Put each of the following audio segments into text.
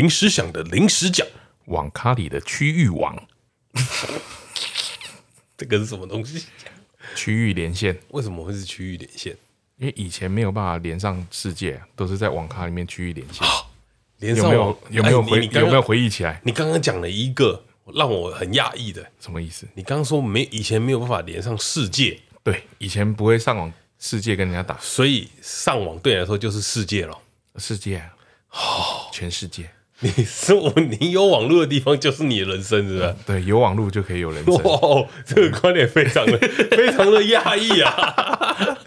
臨時想的臨時講，網咖裡的區域網 這個是什麼東西？區域連線？為什麼會是區域連線？因為以前沒有辦法連上世界，啊，都是在網咖裡面區域連線。哦，連上有沒有？有沒有回，欸剛剛？有沒有回憶起來？你剛剛講了一個讓我很訝異的，什麼意思？你剛剛說沒以前沒有辦法連上世界，對，以前不會上網世界跟人家打，所以上網對你來說就是世界了，世界，啊，好，哦，全世界。你說你有網絡的地方就是你的人生是，是、嗯、吧？對，有網絡就可以有人生。哇、哦，這個觀點非常的 非常的壓抑啊！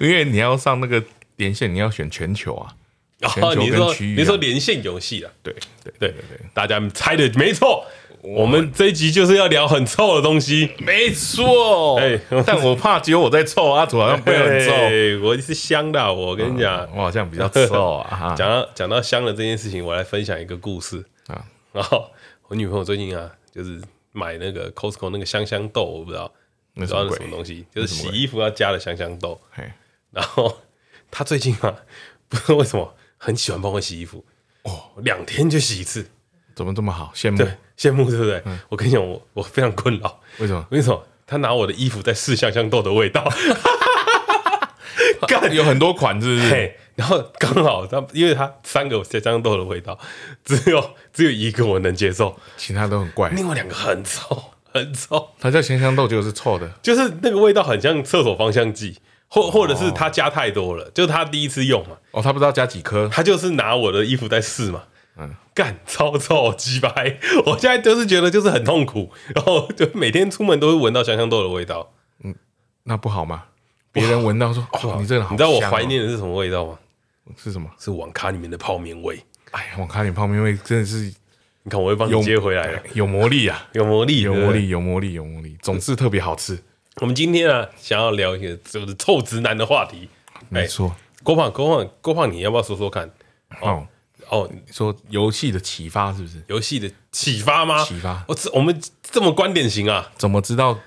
因為你要上那個連線，你要選全球啊，全球跟區域、啊，哦你說。你說連線遊戲啊？對對對對對，大家猜的沒錯。我們這一集就是要聊很臭的東西，欸、沒錯。但是、但是我怕只有我在臭，啊、主要好像不會很臭，我是香的、啊。我跟你講，我好像比較臭啊。啊、講到講到香的這件事情，我來分享一個故事啊。然後我女朋友最近啊，就是買那個 Costco 那個香香豆，我不知道那什麼鬼，不知道是什麼東西，就是洗衣服要加的香香豆。然後她最近啊，不知道為什麼很喜歡幫我洗衣服，哦，兩天就洗一次，怎麼這麼好，羨慕。羨慕對不對？嗯、我跟你講，我我非常困擾。為什麼？為什麼？他拿我的衣服在試香香豆的味道，幹 有很多款是不是？然後剛好他，因為他三個香香豆的味道，只有只有一個我能接受，其他都很怪。另外兩個很臭，很臭。他叫香香豆，就是臭的，就是那個味道很像廁所芳香劑，或或者是他加太多了，就是他第一次用嘛。哦，他不知道加幾顆，他就是拿我的衣服在試嘛。幹、嗯，操操雞掰，我現在就是覺得就是很痛苦，然後就每天出門都會聞到香香豆的味道。嗯，那不好嗎？別人聞到說、哦、你這個、哦，你知道我懷念的是什麼味道嗎？是什麼？是網咖裡面的泡麵味。哎呀，網咖裡面泡麵味真的是、嗯，你看我會幫你接回來的有。有魔力啊，有魔力，有魔力，有魔力，有魔力，總是特別好吃、嗯。我們今天啊，想要聊一些就是臭直男的話題。沒錯、欸，郭胖，郭胖，郭胖，你要不要說說看？哦。哦，你說遊戲的啟發是不是？遊戲的啟發嗎？啟發。我、哦、這我們這麼觀點型啊？怎麼知道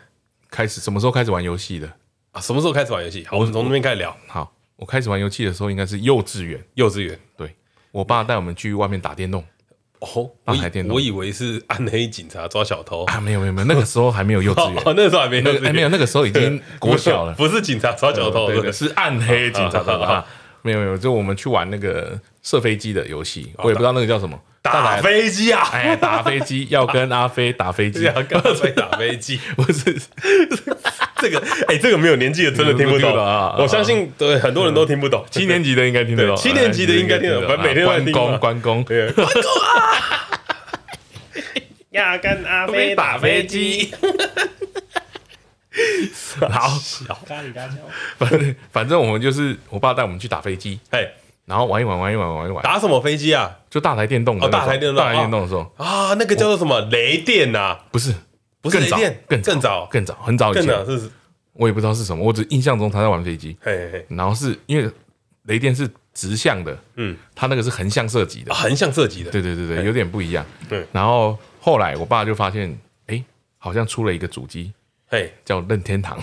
開始什麼時候開始玩遊戲的啊？什麼時候開始玩遊戲？好，我們從那邊開始聊、嗯。好，我開始玩遊戲的時候應該是幼稚園。幼稚園。對，我爸帶我們去外面打電動。嗯、哦，打台電動我。我以為是暗黑警察抓小偷啊！沒有沒有沒有，那個時候還沒有幼稚園， 那個、時候還沒、那個欸、沒有，那個時候已經國小了。 不是警察抓小偷，啊、是暗黑警察抓。沒有、啊、沒有，就我們去玩那個。射飛機的遊戲，我也不知道那個叫什麼打飛機啊！ 哎，打飛機要跟阿飛打飛機，跟阿飛打飛機。不是， 不是， 不是 這個，哎，這個沒有年紀的真的聽不懂啊！我相信對很多人都聽不懂，七年級的應該聽得懂，七年級的應該聽得懂，哎，關公，關公， 關公啊！ 要跟阿飛打飛機，好，加油加油！反反正我們就是我爸帶我們去打飛機，哎。然後玩一玩，玩一玩，玩一玩。打什麼飛機啊？就大台電動大台電動，大台電動的時候啊，那個叫做什麼雷電啊？不是，不是雷電，更早，更早，很早以前，更早是，我也不知道是什麼，我只印象中他在玩飛機。嘿，然後是因為雷電是直向的，嗯，他那個是橫向射擊的，橫向射擊的，對對對對，有點不一樣。對，然後後來我爸就發現，哎，好像出了一個主機，嘿，叫任天堂。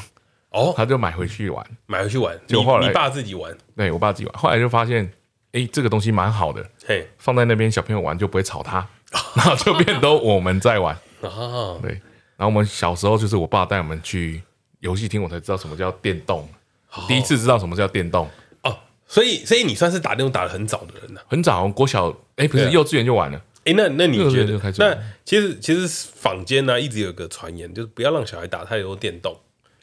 哦、oh,，他就買回去玩，買回去玩，就後來你，你爸自己玩，對我爸自己玩，後來就發現，哎、欸，這個東西蠻好的，嘿、hey.，放在那邊小朋友玩就不會吵他，oh. 然後就變都我們在玩、oh. 對，然後我們小時候就是我爸帶我們去遊戲廳，我才知道什麼叫電動，oh. 第一次知道什麼叫電動哦，oh. Oh. 所以所以你算是打電動打得很早的人呢、啊、很早國小，哎、欸，不是幼稚園就玩了，哎、yeah. 欸，那那你覺得？幼稚園就開始玩，那其實其實坊間呢、啊、一直有個傳言，就是不要讓小孩打太多電動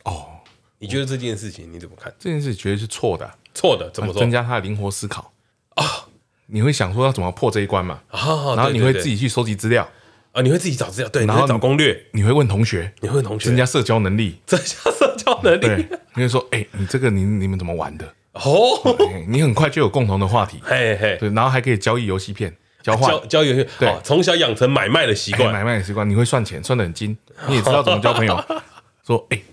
哦。Oh. 你覺得這件事情你怎麼看？哦、這件事情絕對是錯的、啊、的，錯的怎麼說？增加他的靈活思考啊？Oh. 你會想說要怎麼破這一關嘛？Oh, 然後你會自己去蒐集資料啊，oh, 你會自己找資料、oh, 料，對，然後你你會找攻略，你會問同學，你會問同學，增加社交能力，增加社交能力。哦、對你會說，哎、欸，你這個你你們怎麼玩的？哦、oh. 你很快就有共同的話題，嘿嘿。對，然後還可以交易遊戲片，交交交易對，從、哦、小養成買賣的習慣、哎，買賣的習慣，你會算錢算得很精，你也知道怎麼交朋友，oh. 說，哎、欸，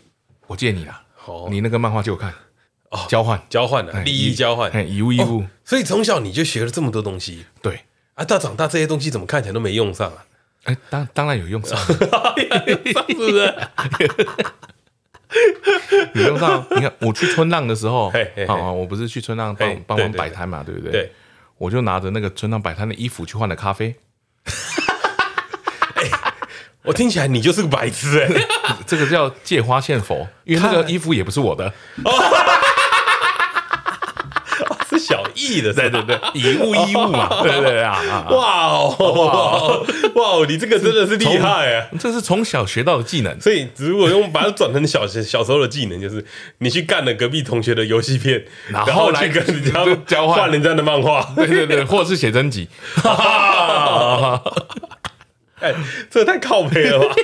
我借你啦。」你那個漫畫就有看哦，交換交換的，利益交換，哎、欸，以物易物、哦，所以從小你就學了這麼多東西，對啊，到長大這些東西怎麼看起來都沒用上啊？哎、欸，當當然有用上，是不是？有用上？你看，我去春浪的時候，啊我不是去春浪幫幫忙擺攤嘛，對不對，對，對？對，對，對，我就拿着那個春浪擺攤的衣服去換了咖啡。 我聽起來你就是個白痴哎、欸， 這個叫借花獻佛，因為那個衣服也不是我的， 是小易的， 對對對， 以物易以物嘛， 對對啊，哇哦哇哦哇哦，哦哦哦哦哦、你這個真的是厲害啊、欸，這是從小學到的技能，所以如果用把它轉成小學小時候的技能，就是你去幹了隔壁同學的遊戲片，然後來然後跟人家 交換人家的漫畫，對對對，對， 或者是寫寫真集。 欸、這太靠北了吧？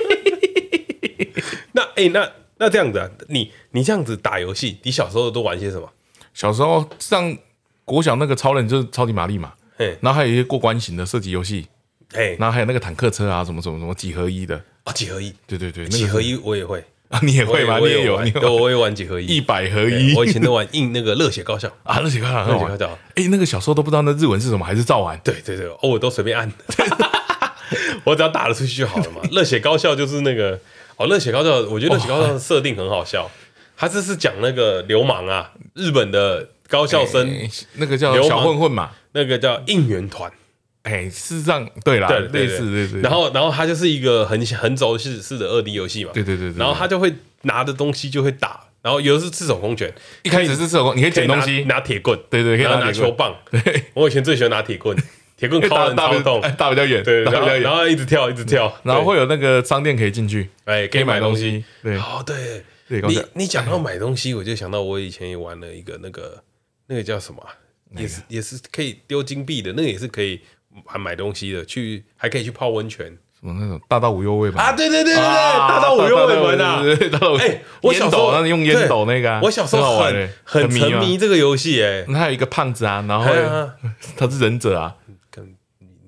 那哎、欸，那那這樣子、啊，你你這樣子打遊戲，你小時候都玩些什麼？小時候上國小那個超人就是超級瑪麗嘛，對。然後還有一些過關型的射擊遊戲，對。然後還有那個坦克車啊，什麼什麼什麼幾合一的啊、哦，幾合一，對對對，那個、幾合一我也會啊，你也會嗎？也也你也有，我我也玩幾合一，一百合一，我以前都玩硬那個熱血高校啊，熱血高校，熱、啊、血高校。哎、哦欸，那個小時候都不知道那日文是什麼，還是照玩？對對對，我都隨便按。 我只要打得出去就好了嘛！熱血高校就是那個哦，熱血高校，我覺得熱血高校的設定很好笑。他、oh, 就是講那個流氓啊，日本的高校生，欸、那個叫小混混嘛，那個叫應援團。哎、欸，是這樣，對啦對對對對，對對對。然後然後他就是一個橫橫軸式式的二 D 遊戲嘛。對對，對對對。然後他就會拿的東西就會打，然後有的是赤手空拳，一開始是赤手空拳，拳，你可以撿東西，拿鐵棍，對對、對，拿拿、拿、拿球棒，我以前最喜歡拿鐵棍。鐵棍敲很大，比較遠，對對對，然後一直跳，一直跳，嗯、然後會有那個商店可以進去，哎、欸，可以買東西，對，好對，你你講到買東西，我就想到我以前也玩了一個那個那個叫什麼，那個、也是也是可以丟金幣的，那個也是可以還買東西的，去還可以去泡溫泉，什麼那種大盜五右衛門吧？啊，對對對對，啊到啊，到對，對，對，大盜五右衛門啊，大盜哎、欸，我小時候用煙斗那個、啊，我小時候很很沉迷，迷這個遊戲哎，那有一個胖子啊，然後他、啊、是忍者啊。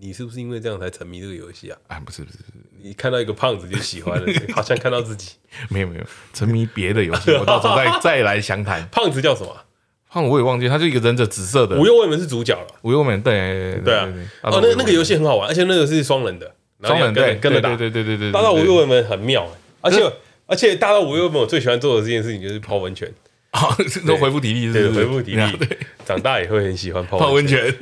你是不是因為這樣才沉迷這個遊戲啊？啊，不是不是，你看到一個胖子就喜歡了， 好像看到自己。沒有沒有，沉迷別的遊戲，我到時候再再來詳談。 胖子叫什麼？胖我也忘記，他就一個忍者，紫色的。五右衛門是主角了。五右衛門，對對，對，對，對，對啊，啊！那那個遊戲很好玩，而且那個是雙人的，雙後兩、啊、人對跟着打。對對對對對，對，大盜五右衛門很妙、欸，而且對對對對而且大盜五右衛門我最喜歡做的這件事情就是泡溫泉啊，是恢復體力是，不是對恢復體力。啊、長大也會很喜歡泡溫泉。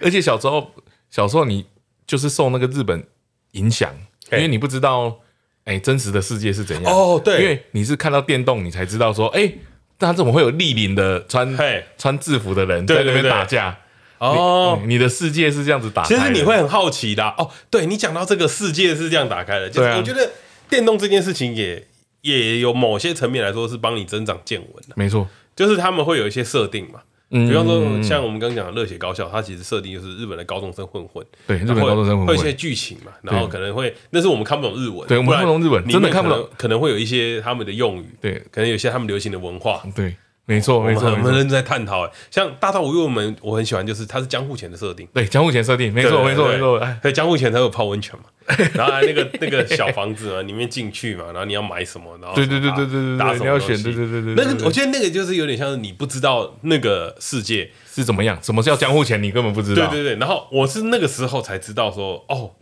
而且小時候，小時候你就是受那個日本影響，Hey. 因為你不知道，哎、欸，真實的世界是怎樣哦？Oh, 對，因為你是看到電動，你才知道說，哎、欸，那他怎麼會有立領的穿、Hey. 穿制服的人在那邊打架？哦、Hey. Oh.，你的世界是這樣子打開。其實你會很好奇的哦、啊。Oh, 對，你講到這個世界是這樣打開的，就是我、啊、覺得電動這件事情也也有某些層面來說是幫你增長見聞的。沒錯，就是他們會有一些設定嘛。嗯，比方說，像我們剛剛講的《熱血高校》，它其實設定就是日本的高中生混混。對，日本高中生混混。會一些劇情嘛，然後可能會，那是我們看不懂日文，對，我們看不懂日文，真的看不懂，可能會有一些他們的用語，對，可能有一些他們流行的文化，對，沒錯，沒錯，沒錯，我們仍在探討。像《大奧》，我又我們我很喜歡，就是它是江戶前的設定，對，江戶前設定，沒錯，沒錯，沒錯，對，對江戶前才會有泡溫泉嘛。 然後那個那個小房子裡面進去嘛，然後你要買什麼，然後對對對對對對，對對對什麼你要選對，對對對對。那個我覺得那個就是有點像是你不知道那個世界是怎麼樣，什麼叫江戶錢，你根本不知道。對對對，然後我是那個時候才知道說，哦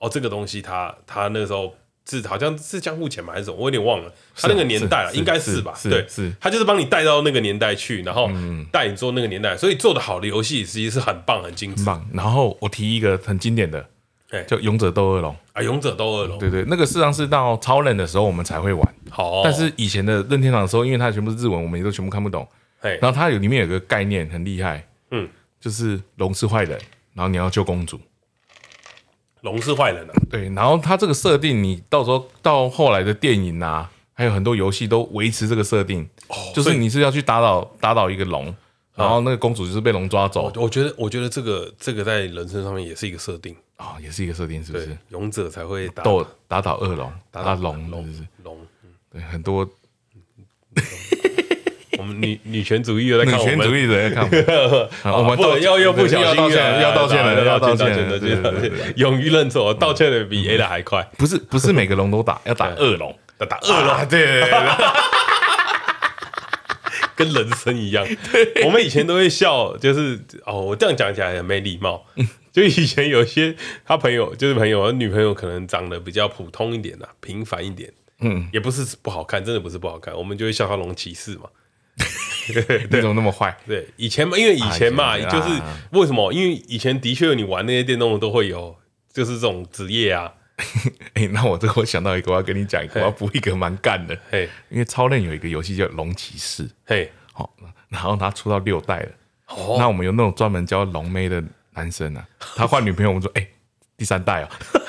哦，這個東西它它那個時候是好像是江戶錢嘛還是什麼，我有點忘了。它那個年代應該是吧？是是是是對是，是，它就是幫你帶到那個年代去，然後帶你做那個年代，嗯、所以做的好的遊戲其實際是很棒很精緻、嗯。然後我提一個很經典的。叫、欸、勇者鬥惡龍啊！勇者鬥惡龍，對，對對，那個事實上是到超人的時候我們才會玩。好、哦哦，但是以前的任天堂的時候，因為它全部是日文，我們也都全部看不懂。然後它有裡面有一個概念很厲害，嗯，就是龍是壞人，然後你要救公主。龍是壞人啊？對，然後它這個設定，你到時候到後來的電影啊，還有很多遊戲都維持這個設定，哦，就是你是要去打倒打倒一個龍，然後那個公主就是被龍抓走，哦我。我覺得，我覺得這個這個在人生上面也是一個設定。哦，也是一個設定，是不是？勇者才會打打，打倒惡龍，打龍，龍、就是，對，很多。嗯嗯嗯嗯、 我們女女權主義的，女權主義的，女權主義看我、 啊，我們要要不，不小心、啊、要道歉了，要道歉了，要道歉了，勇於認錯，道歉的比 A 的還快。不是，不是每個龍都打，要打惡龍，要打惡龍，對，對，對，對，跟人生一樣，我們以前都會笑，就是哦，我這樣講起來很沒禮貌。對對對對所以以前有些他朋友就是朋友，女朋友可能長得比較普通一點的平凡一點，嗯，也不是不好看，真的不是不好看。我們就會笑他龍騎士嘛， 對。怎麼那麼壞？對，以前嘛，因為以前嘛，啊、就是、啊、為什麼？因為以前的確你玩那些電動的都會有，就是這種職業啊、欸。那我這我想到一個我要跟你講一個，我要補一個蠻幹的。嘿，因為超人有一個遊戲叫龍騎士，嘿，好、喔，然後他出到六代了。哦，那我們有那種專門教龍妹的。男生啊，他換女朋友，我們說哎，第三代啊、哦，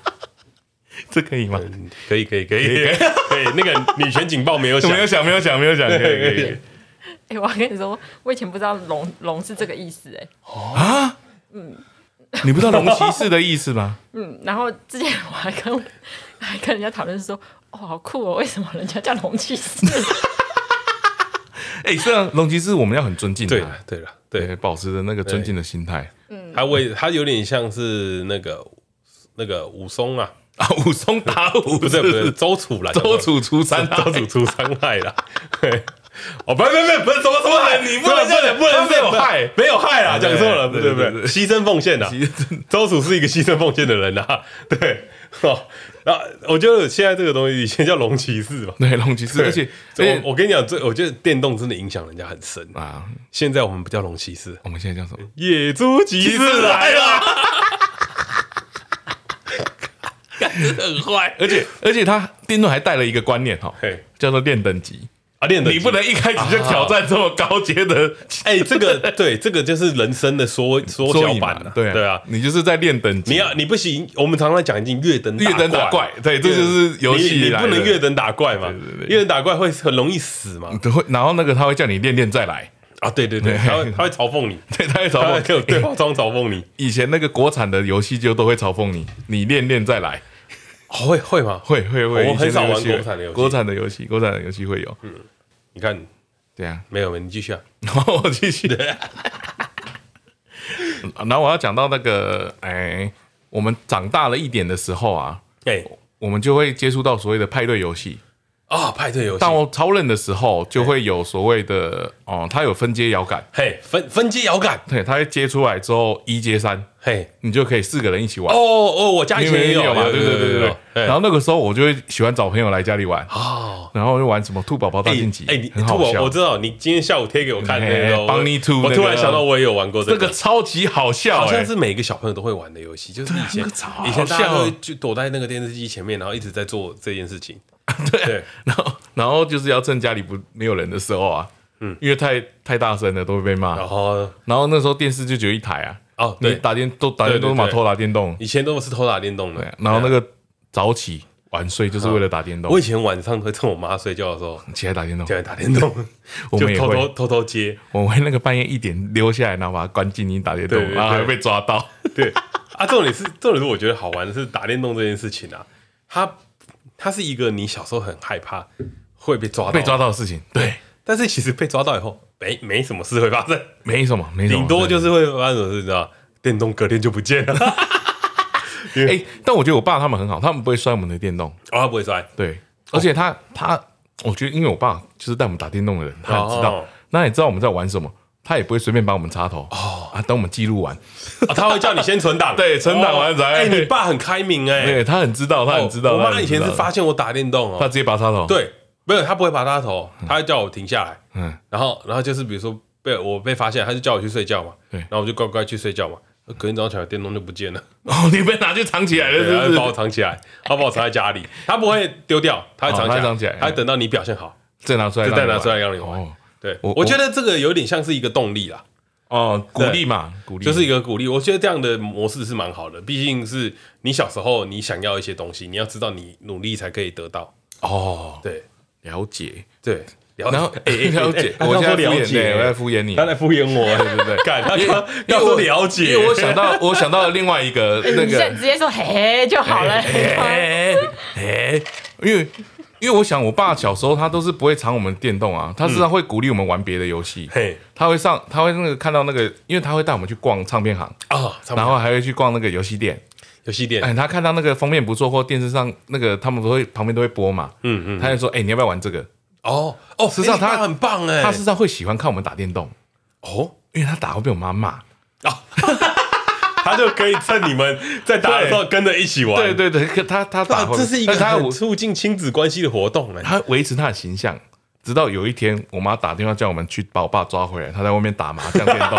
這可以嗎、嗯可以可以可以可以？可以，可以，可以，可以，那個女權警報沒有響， 沒有響，沒有響，沒有響，可以，可以。哎、欸，我還跟你說，我以前不知道龍龍是這個意思、欸，哎，啊，嗯，你不知道龍騎士的意思嗎？嗯，然後之前我還跟還跟人家討論說，哦，好酷哦，為什麼人家叫龍騎士？哎 、欸，雖然龍騎士我們要很尊敬、啊對，對了，對對，保持着那個尊敬的心態。嗯，他為他有點像是那個那個武松啊，啊武松打虎，不對不是，周楚來，周楚出山，周楚除三害啦。 對，哦，不不不不，是周楚你不能不能不能沒有害，沒有害啦。講、啊、錯了，對不對，對？犧牲奉獻的， 周楚是一個犧牲奉獻的人啊，對。啊，我覺得現在這個東西以前叫龍騎士吧，對，龍騎士，而且所以我，我跟你講，這我覺得電動真的影響人家很深啊。現在我們不叫龍騎士，我們現在叫什麼？野豬騎士來了，來了 很壞，而且而且他電動還帶了一個觀念哈、哦，叫做練等級。啊！練你不能一開始就挑戰這麼高階的，哎、啊啊啊欸，這個對，這個就是人生的縮縮小版，對啊，對啊，你就是在練等級，你要你不行，我們常常講一句“越等越等打怪，啊”，對，這就是遊戲，你不能越等打怪嘛，越等打怪會很容易死嘛。會，然後那個他會叫你練練再來啊，對對對，然後他，他會嘲諷你，對，他會嘲諷，對，裝嘲諷你，嘲你，欸。以前那個國產的遊戲就都會嘲諷你，你練練再來。會會嗎？會會會。我很少玩國產的遊戲。國產的遊戲，國產的遊戲會有。嗯，你看，對啊，沒有沒有，你繼續啊。然 後我繼繼續。 然後我要講到那個，哎、欸，我們長大了一點的時候啊，哎、欸，我們就會接觸到所謂的派對遊戲。啊、哦，派對遊戲！當我超冷的時候，就會有所謂的哦、嗯，它有分階搖桿，嘿，分分階搖桿，對，它接出來之後一接三，嘿，你就可以四個人一起玩。哦哦，我家以前也有嘛，對對對對對，對、對、對。然後那個時候我就會喜歡找朋友來家裡玩哦，然後就玩什麼兔寶寶大晉級。哎、哦欸欸，你兔寶我知道，你今天下午貼給我看那個，邦、欸、尼兔、那個。我突然想到我也有玩過這個，這個、超級好笑、欸，好像是每個小朋友都會玩的遊戲，就是以前、啊那個、以前大家會就躲在那個電視機前面，然後一直在做這件事情。 對，對，然後然後就是要趁家裡不沒有人的時候啊，嗯，因為太太大聲了都會被罵。然後，然後那時候電視就只有一台啊。哦，你打電，打電，打電都打都是嘛偷打電動，以前都是偷打電動的。然後那個早起，晚睡、啊、個早起晚睡就是為了打電動。我以前晚上會趁我媽睡覺的時候起來，起來打電動，起來打電動，就偷偷我偷偷接。我們會那個半夜一點溜下來，然後把它關靜音，你打電動對對對對然啊，被抓到。對， 對啊，重點是重點是我覺得好玩的是打電動這件事情啊，他。它是一個你小時候很害怕會被抓到被抓到的事情，對。但是其實被抓到以後，沒沒什麼事會發生，沒什麼，沒頂多就是會發生什麼事，你知道？電動隔天就不見了。誒、 欸欸，但我覺得我爸他們很好，他們不會摔我們的電動，哦，他不會摔。對，而且他、哦、他，我覺得因為我爸就是帶我們打電動的人，他很知道，哦、那你知道我們在玩什麼，他也不會隨便把我們插頭。哦啊，等我們記錄完、哦，他會叫你先存檔、 欸，對，存檔完再。哎，你爸很開明哎、欸，對他很知道，他很知道。喔、知道我媽以前是發現我打電動哦、喔，她直接拔插頭。對，沒有，他不會拔插頭，他會叫我停下來。嗯，然後，然後就是比如說被我被發現，他就叫我去睡覺嘛。然後我就乖乖去睡覺嘛。隔天早上起來，電動就不見了。 然哦，你被拿去藏起來了，是不是就把我藏起來，他把我藏在家裡， 他不會丟掉，他會藏起來，哦、會藏起來，他會等到你表現好再拿出來，再拿出來讓你玩。哦、對我，我覺得這個有點像是一個動力啦。哦，鼓勵嘛，鼓勵，就是一個鼓勵。我覺得這樣的模式是蠻好的，畢竟是你小時候你想要一些東西，你要知道你努力才可以得到。哦，對，了解，對，然後哎、欸欸、了解，我現在敷衍你，欸，我在敷衍你，他在敷衍我，啊，對不對，對？幹，要說了解，他剛剛 我，我，我，想 我想到，我想到了另外一個 那個，你現在直接說嘿，嘿就好了，嘿，嘿，嘿，嘿 因為。因為我想，我爸小時候他都是不會藏我們電動啊，他至少會鼓勵我們玩別的遊戲。嘿，他會上，他會那個看到那個，因為他會帶我們去逛唱片行啊，然後還會去逛那個遊戲店。遊戲店，哎，他看到那個封面不錯，或電視上那個他們都會旁邊都會播嘛，嗯嗯，他就說：“哎、欸，你要不要玩這個？”哦哦，實際上他很棒哎，他實際上會喜歡看我們打電動。哦，因為他打會被我媽罵啊。哦哦欸 他就可以趁你們在打的時候跟着一起玩，對對對，對，他他打，這是一個他促進親子關係的活動耶。他維持他的形象，直到有一天，我媽打電話叫我們去把我爸抓回來，他在外面打麻將電動，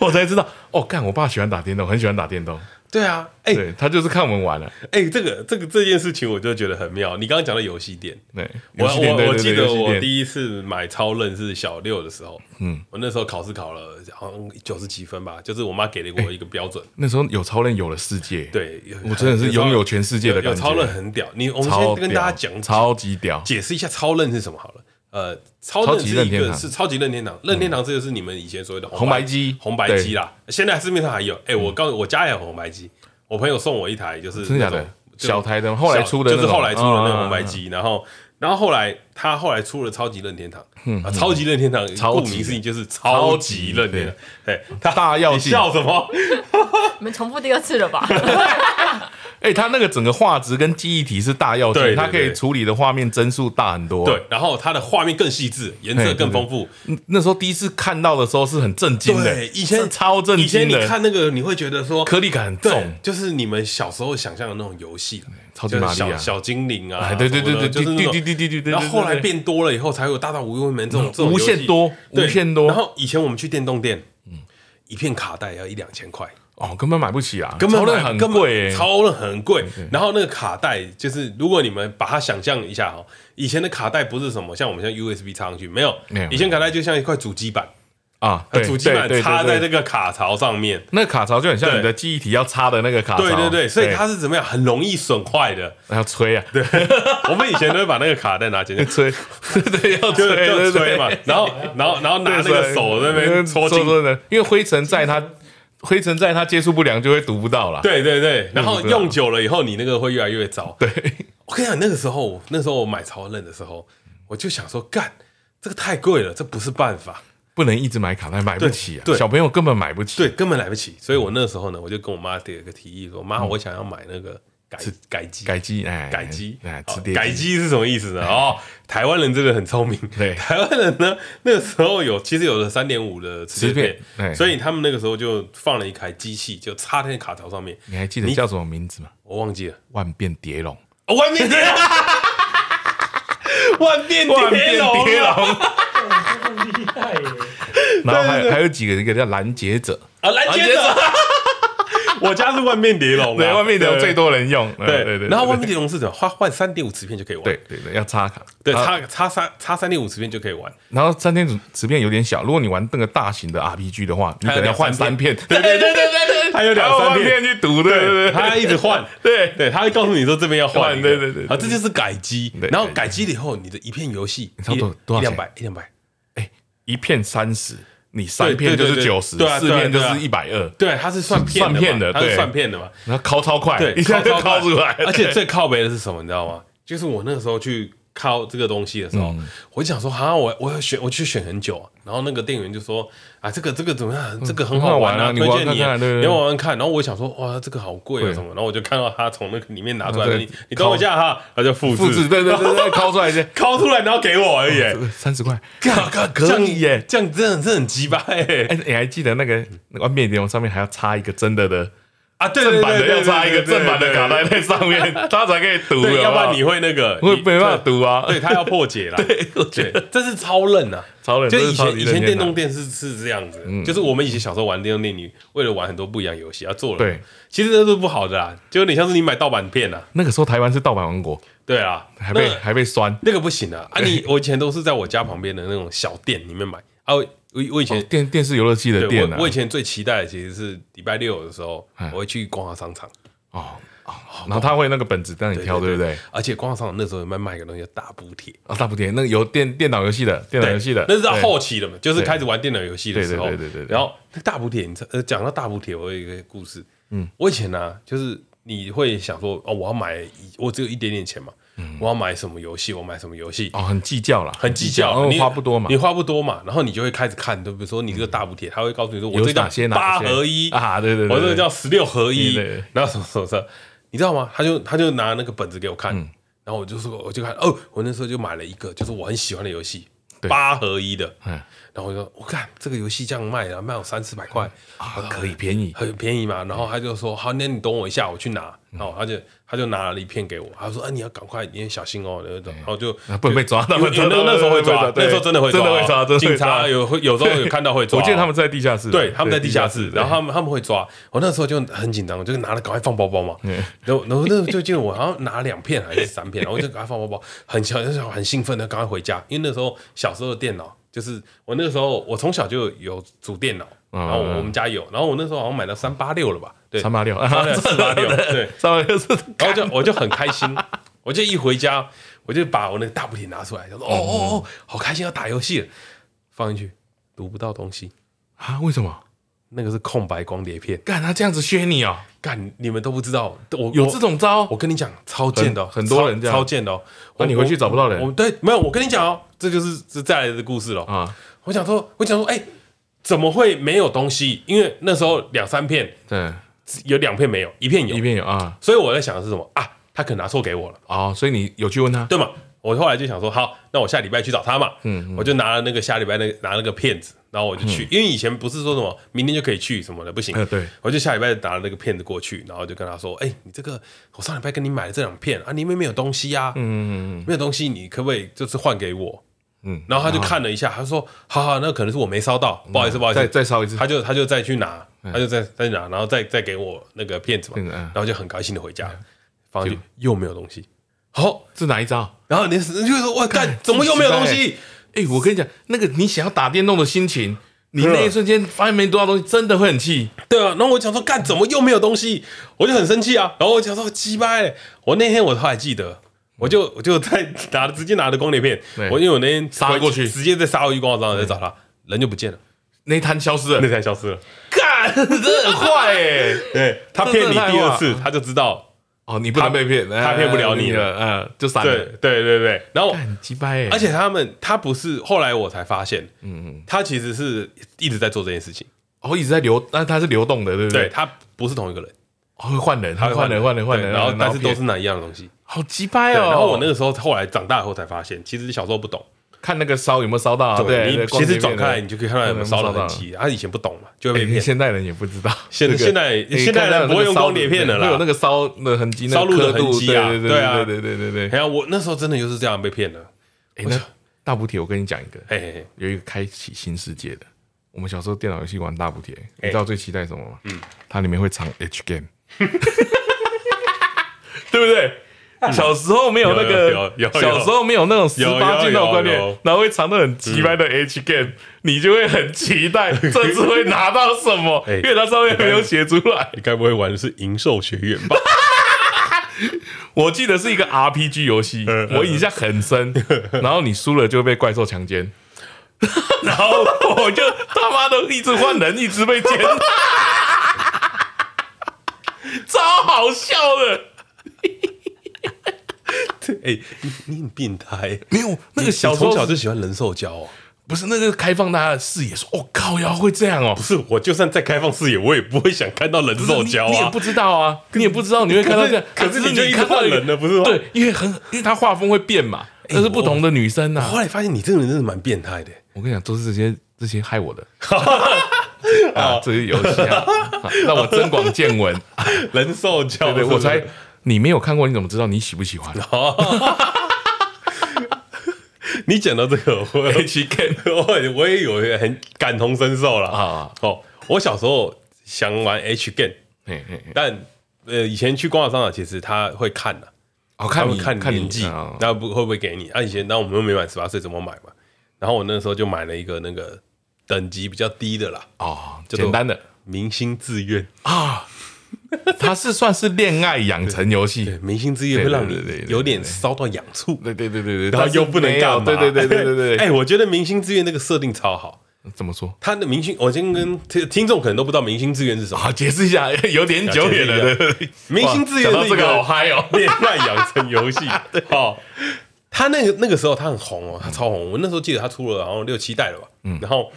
我才知道哦，幹，我爸喜歡打電動，很喜歡打電動。對啊，哎、欸，他就是看我們玩了。哎、欸，這個這個這件事情，我就覺得很妙。你剛剛講的遊戲店，對，我我對對對我記得我第一次買超任是小六的時候，嗯，我那時候考試考了好像九十幾分吧，就是我媽給了我一個標準。欸、那時候有超任，有了世界，對，我真的是擁有全世界的感覺。有超任很屌，你我們先跟大家講超，超級屌，解釋一下超任是什麼好了。呃，超，一個超級任天堂，是超級任天堂。任天堂這個是你們以前所謂的紅白機，紅白機啦。現在市面上還有，哎、欸，我剛、嗯、我家也有紅白機，我朋友送我一台就那種，就是小台的。後來出的就是後來出的那個紅白機，然後，然後後來他後來出了超級任天堂，嗯嗯啊、超級任天堂顧名思義就是超級任天堂。哎、欸，他大要笑什麼？ 你們重複第二次了吧？ 哎、欸，它那個整個畫質跟記憶體是大要件，對對對對，它可以處理的畫面幀數大很多。對、對、對、對，然後它的畫面更細緻，顏色更豐富對對對。那時候第一次看到的時候是很震驚的對，以前超震驚的。以前你看那個，你會覺得說顆粒感很重，就是你們小時候想象的那種遊戲，超級瑪麗、就是、小、小精靈啊。對對對對、就是、對，對。對然後後來變多了以後，才有大到無與倫比這種、嗯、這種無限多，無限多。然後以前我們去電動店，嗯，一片卡帶要一兩千塊。哦，根本買不起啊！超了很貴，超了很貴、嗯。然後那個卡帶，就是、嗯、如果你們把它想象一下哈，以前的卡帶不是什麼，像我們現在 USB 插上去沒有，沒有，以前卡帶就像一塊主機板啊，對，主機板插在這個卡槽上面對對對對，那卡槽就很像你的記憶體要插的那個卡槽。對對對，所以它是怎麼樣，很容易損壞的。對對對，要吹啊！對， 我們以前都會把那個卡帶拿進去吹，對對，要吹，要吹嘛。然後然後然後拿那個手在那邊搓搓的，因為灰塵在它。灰塵在它接觸不良就會讀不到了。對對對，然後用久了以後，你那個會越來越糟。對，我跟你講，那個時候，那個、時候我買超任的時候，我就想說，幹這個太貴了，這不是辦法，不能一直買卡帶買不起啊，對，小朋友根本買不起，對，對根本買不起。所以我那時候呢，我就跟我媽提了個提議說，說媽，我想要買那個。嗯改，改機，改機，哎，改機，哎，好、啊，改機是什麼意思呢？哎、哦，台灣人真的很聰明，對，台灣人呢，那個時候有，其實有了三點五的磁片、吃片、哎，所以他們那個時候就放了一台機器，就插在卡槽上面。你還記得叫什麼名字嗎？我忘記了，哦、萬變蝶龍， 萬變蝶龍，蝶萬變蝶龍，厲害耶！然後還有、就是、還有幾個人，一個叫攔截者，啊，攔截者。啊我家是萬變碟龍，對，萬變碟龍最多人用，對對對，對。然後萬變碟龍是怎麼換？換三點五磁片就可以玩，對對對，要插卡，對，插插三插三點五磁片就可以玩。然後三點五磁片有點小，如果你玩那個大型的 RPG 的話，你可能要換三片，對對對對對，他有兩三片去讀的，他一直換，對對，對，對，他會告訴你說這邊要換，對對對。啊，這就是改機，然後改機了以後，你的一片遊戲，對對對對，一差不多多少錢？一兩百，一兩百，哎、欸，一片三十。你三片就是九十，四片就是一百二。對，它是算片的，它是算片的嘛？然後拷超快，一下就拷出來。而且最靠北的是什麼，你知道嗎？就是我那時候去。靠這個東西的時候，嗯、我就想說好，我我要選，我去選很久，啊。然後那個店員就說啊，這個這個怎麼樣？這個很好玩啊，嗯、很好玩啊，推薦你，你玩看看，對不對？你要玩玩看。對對對，然後我想說哇，這個好貴啊什麼。對對對，然後我就看到他從那個裡面拿出來，對對對，你你等一下哈，他就複製，複製，對對對對，拷出來先，拷出來然後給我而已，三十塊，嘎、這、嘎、個、可以耶，這樣，這樣真的是很雞巴耶。哎、欸，你還記得那個那個面點我上面還要插一個真的的？啊，正版的要插一個正版的卡帶在那上面，它 才可以讀，要不然你會那個，會沒辦法讀啊。對，對，它要破解啦。 對，我覺得這是超嫩啊，超嫩。就以前以前電動電視是這樣子，嗯，就是我們以前小時候玩電動電，你為了玩很多不一樣遊戲，而做了，對，其實這是不好的啊，就有點像是你買盜版片啊，那個時候台灣是盜版王國，對啊，還被還被酸，那個不行的啊，啊你我以前都是在我家旁邊的那種小店裡面買，啊。我我以前、哦、電電視遊樂器的店、啊、我，我以前最期待的其實是禮拜六的時候，我會去光華商場、哦哦、然後他會那個本子讓你挑對對對，對不對？而且光華商場那時候有賣賣個東西叫大補帖啊、哦，大補帖那個有電電腦遊戲的，電腦遊戲的，那是到後期了嘛，就是開始玩電腦遊戲的時候，對對對對對，對。然後那大補帖，呃，講到大補帖，我有一個故事，嗯，我以前呢、啊，就是你會想說哦，我要買，我只有一點點錢嘛。嗯、我要買什麼遊戲？我買什麼遊戲？哦，很計較了，很計較。較嗯、你花不多嘛？你花不多嘛？然後你就會開始看，就比如說你這個大補帖，他會告訴你說，我這個叫八合一，哪些哪些啊，對對對，我這個叫十六合一，那什麼什麼，什麼，什麼你知道嗎？他就他就拿那個本子給我看，嗯、然後我就說我就看哦，我那時候就買了一個，就是我很喜歡的遊戲，八合一的，嗯然後我就說，我、哦、看這個遊戲這樣賣的、啊，賣我三四百塊啊、哦，可以便宜，很便宜嘛。然後他就說，好，那你等我一下，我去拿。嗯、然後，他就他就拿了一片給我，他就說，啊，你要趕快，你要小心哦，嗯、然後就、啊、不能被抓，就，那，那時候會抓，抓，那時候真的會抓，真的會抓，哦、真的會抓。警察有，有時候有看到會抓。我記得他們在地下室，對，他們在地下室，然後他們，後他，們他們會抓。我那時候就很緊張，我就拿了趕快放包包嘛。然、嗯、後，然後那時候我好像拿了兩片還是三片，然後我就趕快放包包，很想很興奮的趕快回家，因為那時候小時候的電腦。就是我那個時候，我從小就有主電腦，然後我們家有，然後我那時候好像買到，三八六了吧？對，三八六，三八六，對，三八六是，然後我就我就很開心，我就一回家，我就把我那個大補帖拿出來，就說哦哦哦，哦，好開心要打遊戲了，放進去讀不到東西啊？為什麼？那個是空白光碟片，幹他這樣子削你哦！幹，你們都不知道，我有這種招，我跟你講，超賤的很，很多人超賤的。那你回去找不到人，我，我，我，我，我對，沒有，我跟你講哦、嗯，這就是這再來的故事了啊、嗯！我想說，我想說，哎、欸，怎麼會沒有東西？因為那時候兩三片，對，有兩片沒有，一片有，一片有啊、嗯。所以我在想的是什麼啊？他可能拿錯給我了啊、哦！所以你有去問他，對嗎？我後來就想說，好，那我下禮拜去找他嘛、嗯嗯。我就拿了那個下禮拜那個、拿那個片子，然後我就去，嗯、因為以前不是說什麼明天就可以去什麼的，不行。啊、我就下禮拜拿了那個片子過去，然後就跟他說，哎、欸，你這個我上禮拜跟你買的這兩片啊，裡面沒有東西啊，嗯、沒有東西，你可不可以就是換給我、嗯？然後他就看了一下，他就說，好好，那個、可能是我沒燒到，不好意思，嗯、不好意思，再燒一次。他就他就再去拿，嗯、他就再再拿，然後再再給我那個片子嘛、嗯，然後就很高興的回家，發、嗯、現又沒有東西。好、哦，這哪一招？然後你你就會說，哇，幹，怎麼又沒有東西？哎、欸，我跟你講，那個你想要打電動的心情，你那一瞬間發現沒多少東西，真的會很氣，對啊，然後我想說，幹，怎麼又沒有東西？我就很生氣啊。然後我想說，雞巴、欸，我那天我都還記得，我就我就在拿，直接拿着光碟片。我因為我那天殺過去，直接在殺一魚廣場來找他，人就不見了，那灘消失了，那灘消失了。幹，這很壞哎、欸。 對，他騙你第二次，他就知道。哦，你不能被騙，他騙不了你了，嗯、哎啊，就散了。對對對對，然後很雞掰、欸，而且他們他不是，後來我才發現，嗯、嗯他其實是一直在做這件事情，哦，一直在流，那、啊、他是流動的，對不對？對，他不是同一個人，會、哦、換人，他換人換人換人，然後、然後但是都是那一樣的東西？好雞掰哦、喔！然後我那個時候後來長大後才發現，其實小時候不懂。看那個燒有沒有燒到、啊，對，其實轉開你就可以看到有沒有燒的痕跡、啊。他、欸啊啊、以前不懂嘛，就被騙、欸。現代人也不知道，現代、那個欸、現在現在人不會用光碟片了啦，欸、會了啦，會有那個燒的痕跡，燒、那、錄、個、的痕跡啊，對啊對對對對對，對，對、啊。哎呀，我、欸、那時候真的就是這樣被騙的。哎，大補帖我跟你講一個，哎、欸，有一個開啟新世界的、欸。我們小時候電腦遊戲玩大補帖、欸、你知道最期待什麼嗎、嗯？它裡面會藏 H game， 對不對？小時候沒有那個，小時候沒有那種十八禁那種觀念，然後會藏得很奇怪的 H game，你就會很期待這次會拿到什麼，因為他上面沒有寫出來。你該不會玩的是《銀獸學院》吧？我記得是一個 RPG 遊戲，我印象很深。然後你輸了就會被怪獸強奸，然後我就他媽的一直換人，一直被奸，超好笑的。對，你你很變態，沒有那個小時候從小就喜歡人獸交哦，不是那個開放大家的視野說，說、哦、我靠腰會這樣哦，不是我就算再開放視野，我也不會想看到人獸交、啊、你，你也不知道啊，你也不知道你會看到這樣，可是，可是，、啊、是你，你就一看到人了不是嗎？對，因為很因為他畫風會變嘛，這、欸、是不同的女生啊，後來發現你這個人真的蠻變態的，我跟你講都是這些這些害我的， 啊這些遊戲讓我增廣見聞， 人獸交，對是是我才。你沒有看過，你怎麼知道你喜不喜歡？哦， 你講到這個我 H game 我也有很感同身受了啊！哦，哦，我小時候想玩 H game 但呃，以前去光華商場，其實他會看的，哦、看他會看你看年紀，然後不會不會給你。啊，以前，然後我們又沒滿十八歲，怎麼買嘛？然後我那時候就買了一個那個等級比較低的了，啊、哦，簡單的明星自願啊。哦他是算是戀愛養成遊戲，對《明星志願》會讓你有點燒到癢處。對對，對對對對對，然後又不能幹嘛？對對對對對哎、欸，我覺得《明星志願》那個設定超好。怎麼說？他的明星，我今天跟聽眾可能都不知道《明星志願》是什麼，好、啊、解釋一下。有點久遠了，啊一對對對《明星志願》這個好嗨哦，戀愛養成遊戲。對哦，他那個那個時候他很紅哦，他超紅。我那時候記得他出了然後六七代了吧？嗯，然後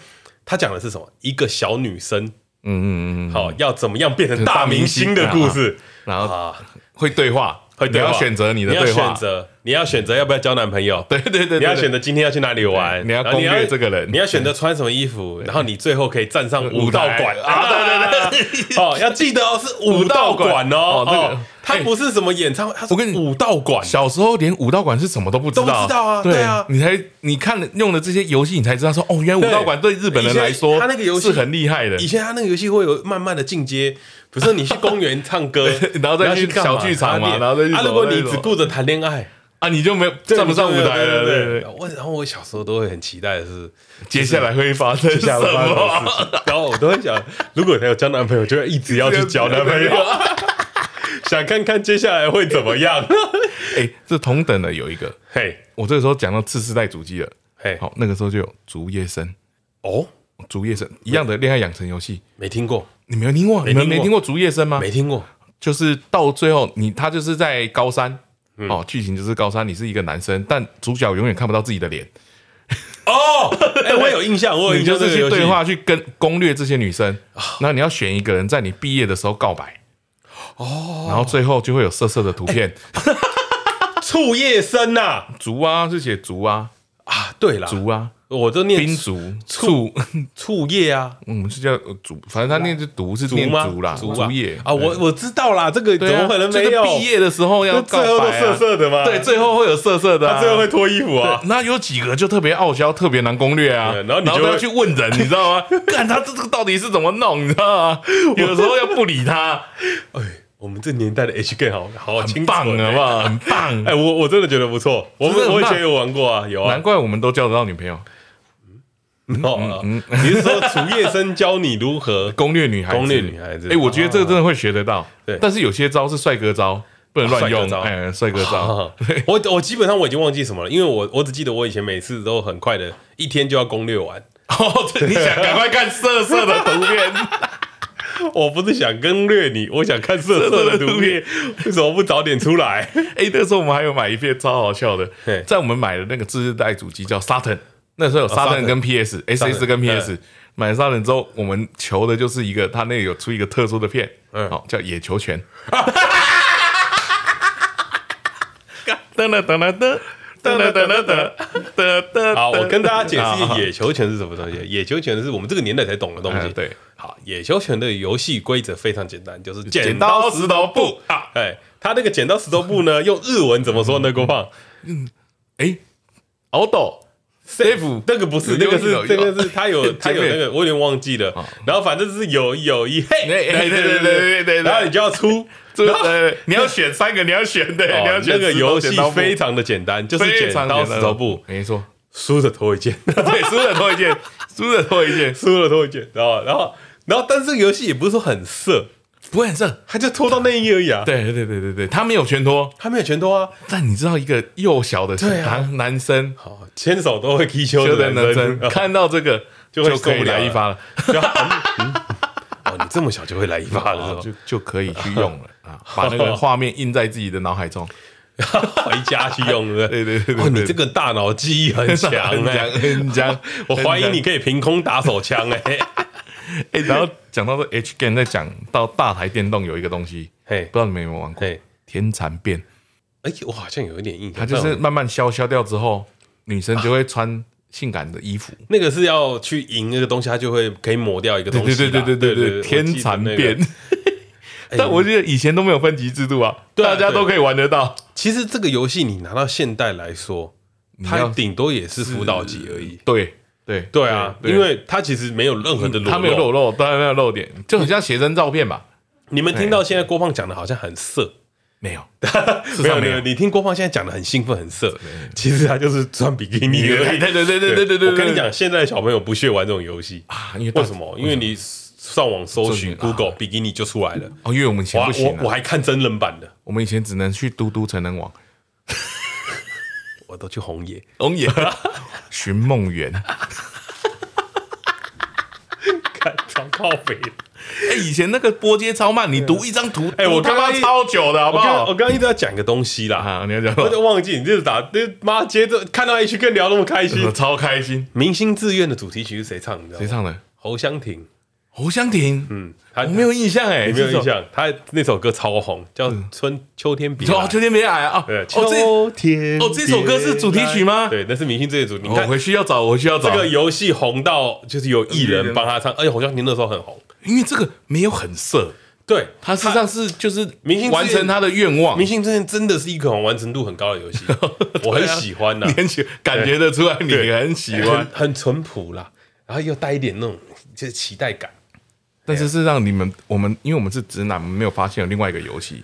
他講的是什麼？一個小女生。嗯哼嗯嗯嗯，好，要怎麼樣變成大明星的故事？然後啊然後，會對話。你要選擇你的對話，你要選擇，要，選擇、嗯、要不要交男朋友，對對對，對，你要選擇今天要去哪裡玩，你要攻略這個人，你，你要選擇穿什麼衣服，然後你最後可以站上武道館，對對對，對， 哦，要記得哦，是武道館哦，哦欸哦、他它不是什麼演唱我跟你說，武道館。小時候連武道館是什麼都不知道，都知道啊，對啊，你才你看了用的這些遊戲，你才知道說哦，原來武道館對日本人來說，他那個遊戲是很厲害的，以前他那個遊戲會有慢慢的進階。不是你去公園唱歌， 然後再去小劇場嘛，然後再去。啊，如果你只顧着談戀愛啊，你就沒有站不上舞台了。對對對。我然後我小時候都會很期待的是，接下來會發生什麼下生？然後我都會想， 如果有交男朋友，就要一直要去交男朋友， 想看看接下來會怎麼樣。哎、欸，這同等的有一個，嘿、hey,，我這時候講到次世代主機了，嘿、hey.，好，那個時候就有《竹葉神》。哦，《竹葉神》，一樣的戀愛養成遊戲，沒聽過。你沒聽過，沒沒聽過竹葉聲嗎？沒聽過，就是到最後你他就是在高三哦，劇情就是高三，你是一個男生，但主角永遠看不到自己的臉。哦、欸，我有印象，我有印象，你就是去對話去跟攻略這些女生，那你要選一個人在你畢業的時候告白哦，然後最後就會有色色的圖片。竹葉生啊，竹啊是寫竹啊啊，對了，竹啊。我就念冰卒、醋、醋業啊，嗯，是叫竹，反正他念是毒，啊、是竹嗎？卒竹卒業啊，我我知道啦，這個怎麼可能？這個畢業的時候要、啊、那最後都澀澀的嗎？對，最後會有澀澀的、啊，他最後會脫衣服啊。那有幾個就特別傲嬌，特別難攻略啊。然後你，你就要去問人，你知道嗎？看 他這這個到底是怎麼弄，你知道嗎？ 有時候要不理他。哎、 欸，我們這年代的 H game 好，好、欸很啊，很棒，好不好？很棒。哎，我我真的覺得不錯。我們我以前也有玩過啊，有啊。難怪我們都交得到女朋友。哦、嗯、你、嗯、是、嗯嗯、說楚葉生教你如何攻略女孩？攻略女孩子，哎、欸，我覺得這個真的會學得到。對、啊，但是有些招是帥哥招，不能亂用。帥哥招，嗯哥招啊、我我基本上我已經忘記什麼了，因為我我只記得我以前每次都很快的，一天就要攻略完。哦，對，趕 快看色色的圖片。 我不是想攻略你，我想看色色的圖片。色色圖片 為什麼不早點出來？哎、欸，那時候我們還有買一片超好笑的、欸。在我們買的那個次世代主機叫 Saturn 那時候有沙等跟 P S S S 跟 P S，買了沙等之後，我們球的就是一個，它那有出一個特殊的片，嗯、好叫野球拳。哈哈哈哈哈哈哈哈哈哈哈，我跟大家解釋野球拳是什麼東西，好好好。野球拳是我們這個年代才懂的東西。對、嗯、好，野球拳的遊戲規則非常簡單，就是剪刀石頭布。哎，它、啊、那個剪刀石頭布呢， 用日文怎麼說呢？郭放嗯。哎、嗯、哈、欸、奧斗 C F 那個不是，那個是，那個是，有有這個、是他有他有那個，我有點忘記了。然後反正就是有有一嘿，對對對對對對。然後你就要出，這個，對，對，對，你要選三個，你要選對，對，對，對，對，對，對，你要選這個遊戲非常的簡單，就是剪刀石頭布。沒錯，輸了脫一件，對，輸了脫一件，輸了脫一件，輸了脫一件，然後然後然後，但是這個遊戲也不是說很色。不會很正，他就脫到內衣而已啊？對對對對對，他沒有全脫，他沒有全脫啊。但你知道，一個幼小的男、啊、男生，好牽手都會踢球的男生，看到這個、嗯、就會受不了了，就可以來一發了、 嗯哦。你這麼小就會來一發了，哦、是就就可以去用了啊，把那個畫面印在自己的腦海中， 回家去用是是。對對對，你這個大腦記憶很強、啊，很 強、嗯嗯嗯嗯嗯。我懷疑你可以憑空打手槍 哎、欸，然後講到這 H game 再講到大台電動，有一個東西，嘿，不知道你們有沒有玩過嘿天蠶變？哎、欸，我好像有一點印象，它就是慢慢消消掉之後、啊，女生就會穿性感的衣服。那個是要去贏那個東西，它就會可以抹掉一個東西。對對對對、對、對、對、對、對、對、對、那個、天蠶變。欸、 但我記得以前都沒有分級制度啊，啊大家都可以玩得到。啊啊、其實這個遊戲你拿到現代來說，它頂多也是輔導級而已。對。對對啊對對，因為他其實沒有任何的露，他沒有裸露，當然沒有露點，就很像寫真照片吧，嗯啊。你們聽到現在郭胖講的好像很色，沒有，沒有 沒有對對對，你聽郭胖現在講的很興奮很色，其實他就是穿比基尼而已。對對對對對對對，對，對，對，對，對，對，我跟你講，現在小朋友不屑玩這種遊戲啊，因為為什麼？因為你上網搜尋 Google、啊、比基尼就出來了。哦，因為我們以前、啊、我，我，我還看真人版的，我們以前只能去嘟嘟才能玩。 我都去紅野紅野。 尋夢園，看床靠背。哎、欸，以前那個波街超慢，你讀一張圖，哎、啊欸，我剛剛超久的剛剛，好不好？我剛剛一直在講個東西啦，嗯、哈，你要講，我就忘記，你就打，媽接着看到 H 更聊那麼開心，我超開心。明星自願的主題曲是誰唱的？誰唱的？侯湘婷。侯湘婷，嗯，我、哦、沒有印象哎，沒有印象。他那首歌超紅，叫《春秋天別來》嗯。秋天別來啊、哦！對，秋天哦。哦，這首歌是主題曲嗎？對，那是明星志願、哦，你我回去要找，我回去要找。這個遊戲紅到就是有藝人幫他唱，而、欸、且侯湘婷那時候很紅、嗯，因為這個沒有很色。對，他實際上是就是明星完成他的願望。明星志願真的是一款完成度很高的遊戲、 啊，我很喜歡吶、啊，你很喜，感覺得出來你，你很喜歡，很淳樸啦，然後又帶一點那種就是期待感。但是是讓你們我們，因為我們是直男，沒有發現有另外一個遊戲，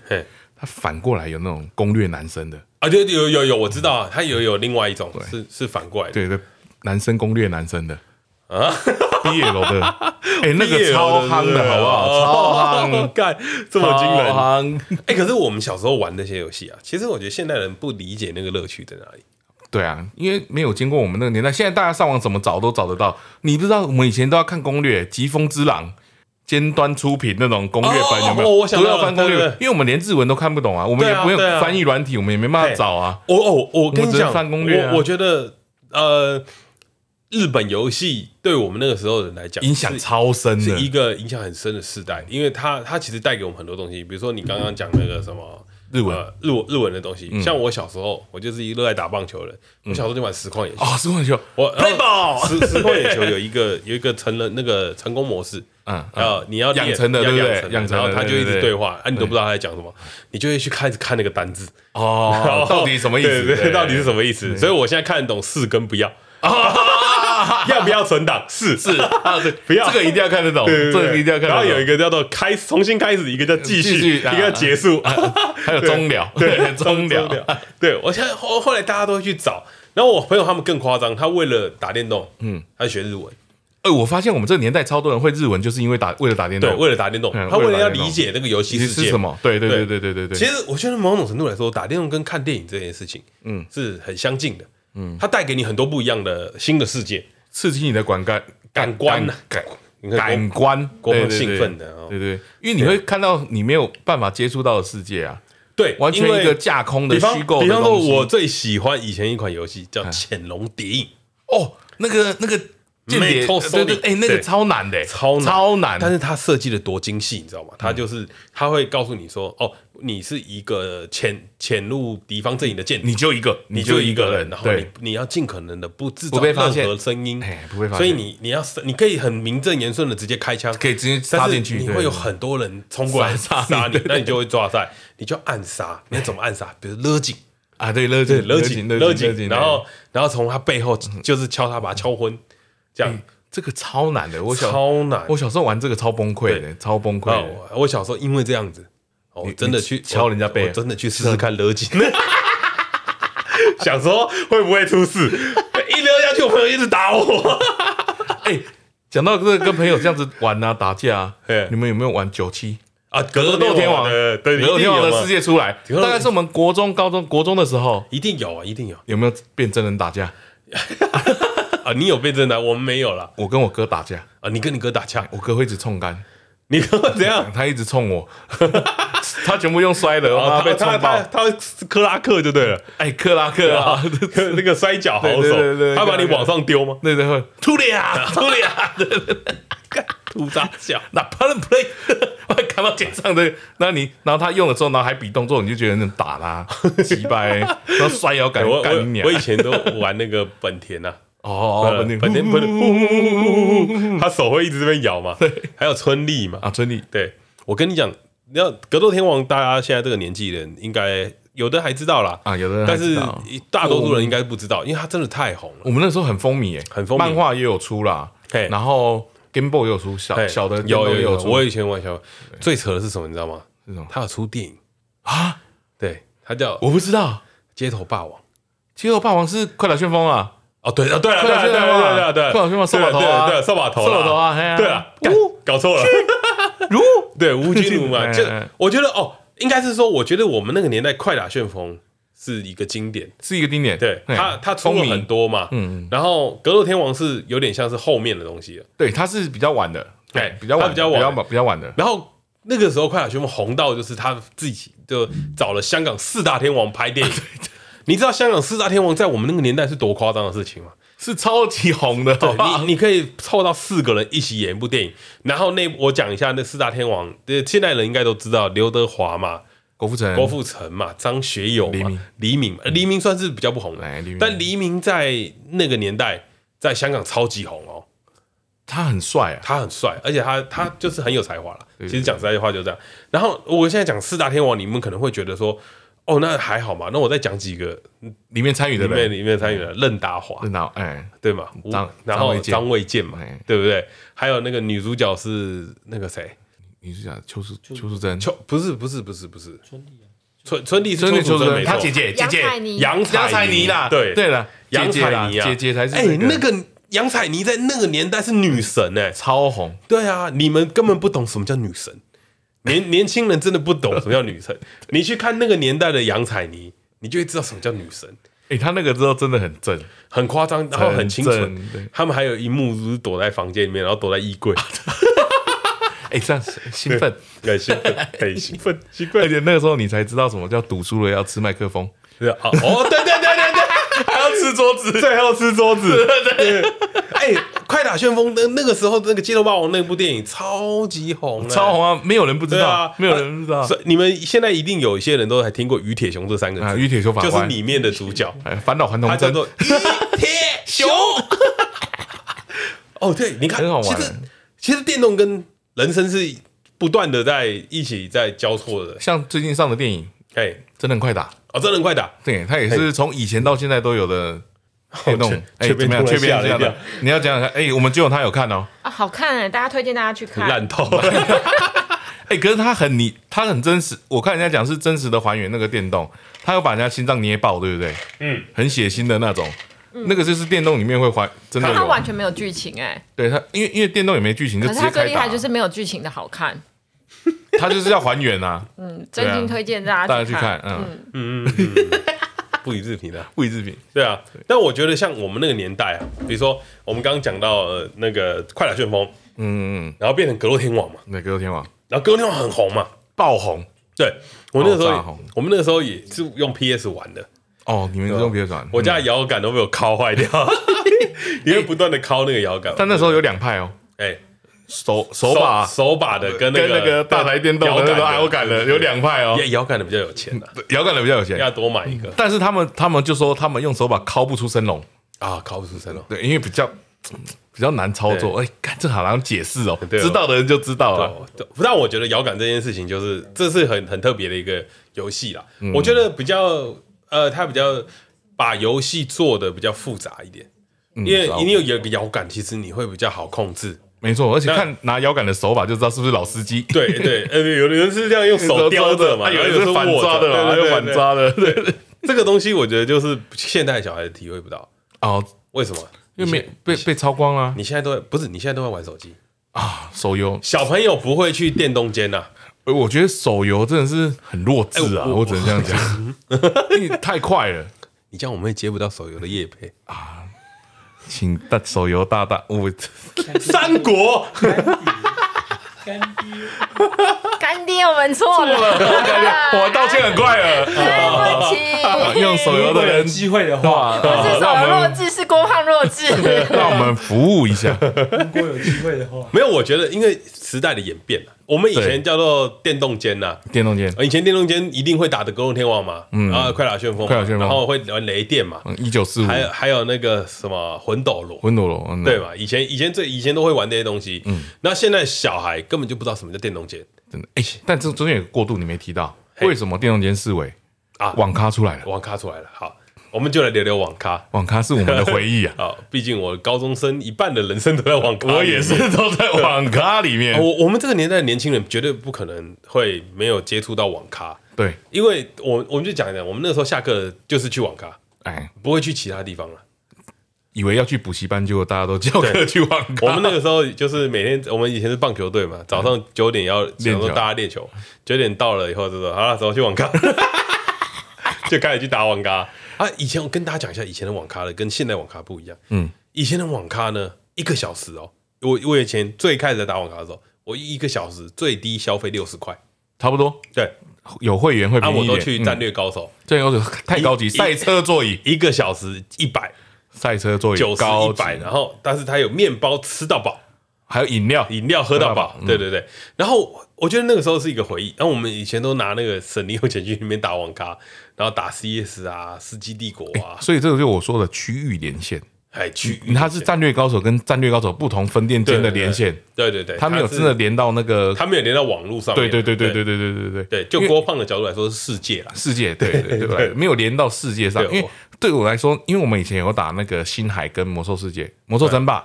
他反過來有那種攻略男生的、欸、啊，有有有有，我知道、啊，他有有另外一種是是反過來，對對，男生攻略男生的啊，耶，BL 的，哎、欸，那個超夯的好不好？超干、哦，這麼驚人！哎、欸，可是我們小時候玩那些遊戲啊，其實我覺得現代人不理解那個樂趣在哪裡。對啊，因為沒有經過我們那個年代，現在大家上網怎麼找都找得到。你不知道我們以前都要看攻略，《疾風之狼》。尖端出品那種攻略本有沒有？不、哦、要翻攻略，因為我們連日文都看不懂啊，對對對，我們也不用翻譯軟體，我們也沒辦法找啊。哦哦，我跟你講，我、啊、我，我覺得，呃，日本遊戲對我們那個時候人來講是，影響超深的，是一個影響很深的時代，因為它它其實帶給我們很多東西，比如說你剛剛講那個什麼。日文、呃，日文，日文的東西、嗯。像我小時候，我就是一個熱愛打棒球的人。嗯、我小時候就玩實況野球。實、哦、況球，我太寶。實實況野球有一個 有一個成了那個成功模式。嗯，嗯然後你要養成的，對不對？養成，然後他就一直對話，對對對對啊，你都不知道他在講什麼，你就會去開始看那個單字。哦，到底什麼意思？對，對對，到底是什麼意思？對對對對，所以我現在看得懂，是跟不要。對對對對 要不要存檔？是是啊，對，不要這個一定要看得懂，對對對這個一定要看懂。然後有一個叫做“開始”，重新開始；一個叫“繼續、啊”，一個叫“結束”，啊啊啊、還有“終了”，對“終了”。對，、啊、對我現在後後來大家都會去找，然後我朋友他們更誇張，他為了打電動，嗯，他學日文。哎、欸，我發現我們這個年代超多人會日文，就是因為打為了打電動，為了打電動，為了打電動嗯、他為了要理解那個遊戲世界是什麼？對對對對對，對對對對。其實我覺得某種程度來說，打電動跟看電影這件事情，嗯，是很相近的。嗯，它帶給你很多不一樣的新的世界。刺激你的感官、啊感感，感官吶，感感官，興奮的哦，對對，對，因為你會看到你沒有辦法接觸到的世界啊，對，完全一個架空的虛構，然後我最喜歡以前一款遊戲叫《潛龍諜影》，哦，那個那個。間諜，對對，哎、欸，那個超難的、欸，超難，超難。但是他設計的多精細，你知道嗎？他就是他、嗯、會告訴你說，哦，你是一個潛潛入敵方陣營的間諜，你就一個，你就一個人，然後你你要盡可能的不制造任何聲音、不被發現、欸，所以你你要你可以很名正言順的直接開槍，可以直接插進去。你會有很多人衝過來殺你，你，你，那你就會抓在，對對對，你就暗殺。你要怎麼暗殺？比如勒頸，啊，對勒頸，勒頸，勒頸然後然後從他背後就是敲他，把他敲昏。嗯嗯這樣、欸、這個超難的。我小超難。我小時候玩這個超崩潰的，超崩潰。我小時候因為這樣子，我真的去、欸、敲人家背，我，我真的去試試看邏輯， 想說會不會出事， 一溜下去我朋友，一直打我。講、 欸、到這個跟朋友這樣子玩啊打架啊， 你們有沒有玩九七啊？格鬥天王，格鬥天王的世界出來，大概是我們國中、高中、國中的時候，一定有啊，一定有。有沒有變真人打架？ 啊，你有被震到，我們沒有了。我跟我哥打架，啊，你跟你哥打架，欸、我哥會一直衝幹，你會怎樣？他一直衝我， 他全部用摔的、哦，然後他被衝爆，他，他，他，他會克拉克就對了。哎、欸，克拉克啊， 那個摔角好手，他把你往上丟嗎？那對，對，對，吐了呀吐了呀，吐砸腳、啊。那不能 play，我快到腳上的，那 大小 你然後他用的時候，然後還比動作，動作你就覺得那打他，擊敗， 然後摔要敢敢我以前都玩那個本田吶、啊。 哦、oh, oh, oh,，哦，本田、嗯，哦，本田、嗯，哦，本田、嗯，他、嗯嗯、手會一直這邊搖嘛。對，還有春麗嘛。啊，春麗。對，我跟你講，你要格鬥天王，大家現在這個年紀的人應該有的還知道啦啊，有的。但是大多數人應該不知道，啊、因為他真的太紅了。我們那時候很風靡誒、欸，很風。漫畫也有出啦，然後 Game Boy 也有出小小的有，有有有，有。我以前哦，哦，最扯的是什麼？你知道嗎？哦，哦，他有出電影啊？對，他叫我不知道。街頭霸王，街頭霸王是快打旋風啊。哦對，對，對，對，對，對，對，對，對啊看人 cas1 olmayield 對了對對對對對對對，掃把頭對對掃把頭掃把頭啊對啊搞錯了如語 對吳君如嘛 gives  就我覺得哦應該是說，我覺得我們那個年代快打旋風是一個經典，是一個經典，對、hey、他他聰明很多嘛嗯，然後格鬥天王是有點像是後面的東西的對，他是比較晚的對，他比較晚比較晚的然後那個時候快打旋風紅到就是他自己就找了香港四大天王拍電影。你知道香港四大天王在我們那個年代是多誇張的事情嗎？是超級紅的， 你你可以湊到四個人一起演一部電影，然後那我講一下那四大天王，對，現代人應該都知道劉德華嘛，郭富城，郭富城嘛，張學友嘛，黎明，黎明，黎明算是比較不紅的，黎明，但黎明在那個年代在香港超級紅哦，他很帥，啊，他很帥，而且他他就是很有才華了、嗯。其實講實在話就是這樣對對對。然後我現在講四大天王，你們可能會覺得說。哦，那還好嘛。那我再講幾個裡面參與的裡面裡面參與的任達華，任達華哎、嗯，對嘛？然後張衛健，健嘛，對、欸、不對？還有那個女主角是那個誰？女主角邱淑邱淑貞，邱不是不是不是不是春麗，春、啊、春麗是邱淑貞，她姐姐姐姐楊楊采妮啦，對對啦，楊采妮姐姐才是、欸。哎、啊，那個楊采妮在那個年代是女神哎，超紅。對啊，你們根本不懂什麼叫女神。年年輕人真的不懂什麼叫女神，你去看那個年代的楊采妮，你就會知道什麼叫女神。哎、欸，她那個時候真的很正，很誇張，然後很清純。他們還有一幕就是躲在房間裡面，然後躲在衣櫃。哎、啊欸，這樣興奮，對興奮，興奮，而且那個時候你才知道什麼叫賭輸了要吃麥克風。對啊，哦，對對對對對， 還要吃桌子，最後吃桌子，對、對、對、對。快打旋風，那那個時候那個街頭霸王那部電影超級紅、欸，超紅啊，沒有人不知道啊，沒有人不知道。啊、所以你們現在一定有一些人都還聽過於鐵雄這三個字，於鐵雄就是裡面的主角，煩惱很多，他還叫做於鐵雄。 鐵熊 哦，對，你看，很好玩，其實其實電動跟人生是不斷的在一起，在交錯的，像最近上的電影，哎，真人快打啊、哦，真人快打，對，它也是從以前到現在都有的。電動哎，怎麼樣？卻變這樣，你要講講看，哎、欸，我們就有他有看哦。啊、哦，好看哎、欸，大家推薦大家去看。爛透。哎、 欸，可是他很你，他很真實。我看人家講是真實的還原那個電動，他有把人家心臟捏爆，對不對？嗯。很血腥的那種，嗯、那個就是電動裡面會還真的。他完全沒有劇情哎、欸。對他，因為因為電動也沒劇情，可是他最厲害就是沒有劇情的好看。 他就是要還原啊。嗯，真心推薦大家、啊。大家去看，嗯嗯嗯。 不以置評的、啊，不以置評，對啊對。但我覺得像我們那個年代啊，比如說我們剛剛講到、呃、那個《快打旋風》，嗯嗯，然後變成《格鬥天王》嘛，對，《格鬥天王》，然後《格鬥天王》很紅嘛，爆紅。對我那時候，我們那個時候我們那個時候也是用 PS 玩的。哦，你們用 PS 玩，我家的搖桿都被我敲壞掉，因、嗯、為 不斷的敲那個搖桿。但那時候有兩派哦，哎。手手把手、手把的跟那個、跟那個大台電動的搖桿的、那個、的有兩派哦，搖、yeah, 桿的、啊、的比較有錢，搖桿的比較有錢，要多買一個。嗯、但是他們他們就說他們用手把敲不出升龍啊，敲不出升龍。對，因為比較比較難操作。哎、欸，這好像解釋哦、喔，知道的人就知道了、喔。但我覺得搖桿這件事情就是這是很很特別的一個遊戲啦、嗯。我覺得比較呃，他比較把遊戲做的比較複雜一點，嗯、因為因為有一個搖桿其實你會比較好控制。沒錯，而且看拿搖桿的手法就知道是不是老司機。對對，有的人是這樣用手叼着嘛，着啊、有的人是反抓的嘛，有着着嘛對對對對還有反抓的。對,對,對,對,對,對,對,對，這個東西我覺得就是現代小孩子體會不到啊。為什麼？因為被被超光啊。你現在都會，不是你現在都在玩手機啊？手遊？小朋友不會去電動間吶、啊欸。我覺得手遊真的是很弱智啊，哎、我,我,我,我只能這樣講， 因為太快了。你這樣我們也接不到手遊的業配、嗯、啊。請大手遊大大，我三國乾爹，乾爹，我們錯了,錯了，我道歉很快了，對不起、啊。用手遊的人機會的話，我、啊、是手弱智、啊們，是郭胖弱智。讓、啊、我們服務一下。如果有機會的話，沒有，我覺得因為時代的演變了我們以前叫做電動間吶、啊，電動間，以前電動間一定會打的格鬥天王嘛，嗯，啊，快打旋風，快打旋風，然後會玩雷電嘛，一九四五，還還有那個什麼魂斗羅，魂斗羅，對嘛？嗯、以前以前最以前都會玩這些東西，嗯。那現在小孩根本就不知道什麼叫電動間，真的。哎、欸，但是中間有個過渡，你沒提到、欸，為什麼電動間式微啊？網咖出來了，網咖出來了，好。我們就來聊聊網咖，網咖是我們的回憶啊！ 好，畢竟我高中生一半的人生都在網咖，我也是都在網咖裡面。 我我們這個年代的年輕人絕對不可能會沒有接觸到網咖，對，因為我我們就講一講，我們那時候下課就是去網咖，哎，不會去其他地方了、啊。以為要去補習班，結果大家都叫我去網咖。我們那個時候就是每天，我們以前是棒球隊嘛，早上九點要、嗯、練球，大家練球，九點到了以後就說：“好了，走，去網咖。 ”就開始去打網咖。啊，以前我跟大家講一下，以前的網咖呢跟現在網咖不一樣。嗯，以前的網咖呢，一個小時哦，我我以前最開始在打網咖的時候，我一個小時最低消費六十塊，差不多。對，有會員會便宜。啊、我都去戰略高手，戰略高手太高級，賽車座椅一，一，一個小時一百，賽車座椅九十一百，然後但是它有麵包吃到飽，還有飲料飲料喝到飽。嗯、對對對，然後我覺得那個時候是一個回憶，然後我們以前都拿那個省零用錢去裡面打網咖。然後打 CS 啊，世紀帝國啊、欸，所以這個就是我說的區域連線，哎、欸，區域，嗯、它是戰略高手跟戰略高手不同分店間的連線，對對對，他沒有真的連到那個，他，他沒有連到網絡上對對對對，對對對對對對對對對對，就郭胖的角度來說是世界了，世界，對對對， 對，對，對，對對，沒有連到世界上對、哦，對我來說，因為我們以前有打那個星海跟魔獸世界，魔獸爭霸，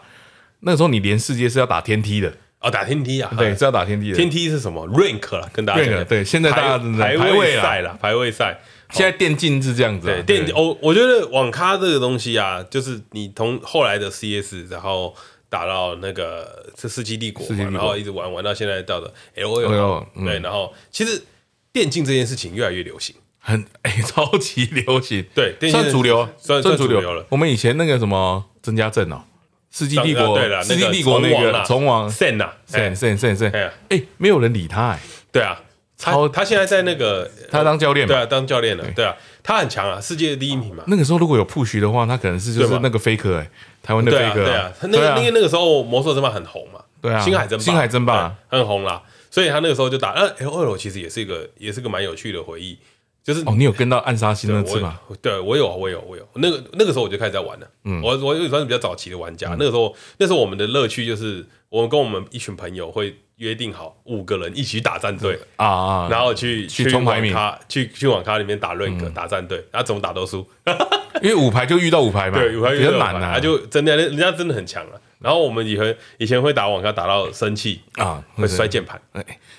那個時候你連世界是要打天梯的，哦，打天梯啊，對，嗯、是要打天梯的，天梯是什麼 Rank 了，跟大家，Rank, 對，現在大家排，排位賽了，排位賽。現在電競是這樣子的，電競我、oh, 我覺得網咖這個東西啊，就是你從後來的 CS，然後打到那個是《世紀帝國》嘛，然後一直玩玩到現在到的 LOL，、oh, oh, 對、嗯，然後其實電競這件事情越來越流行，很哎、欸，超級流行對，電競算主流，算算主流，算，主流算主流了。我們以前那個什麼曾家鎮哦，世紀啊《世紀帝國》，對啦，《世紀帝國》那個蟲王，Sen，Sen，Sen，Sen，、啊、哎、啊欸欸，沒有人理他、欸，哎，對啊。他他現在在那個他當教練嘛、嗯？對啊，當教練了。對，對啊，他很強啊，世界第一名嘛、哦。那個時候如果有 push 的話，他可能是就是那個飛科、欸。台灣的飛哥。對啊，那個、啊、那個那個時候魔獸爭霸很紅嘛。對啊，星海爭霸，星海爭霸、嗯嗯、很紅啦。所以他那個時候就打，嗯 L 二其實也是一個，也是個蠻有趣的回憶。就是哦，你有跟到暗殺星那次嗎？對？對，我有，我有，我有。那個那個時候我就開始在玩了。嗯，我我也算是比較早期的玩家、嗯。那個時候，那時候我們的樂趣就是，我們跟我們一群朋友會。約定好五個人一起打戰隊啊，然後去去網咖，去網咖裡面打 rank、嗯。打戰隊，然、啊、後怎麼打都輸， 因為五排就遇到五排嘛，對，五排有到五啊，他、啊、就真的人家真的很強了、啊。然後我們以前以前會打網咖，打到生氣啊、嗯，會摔鍵盤，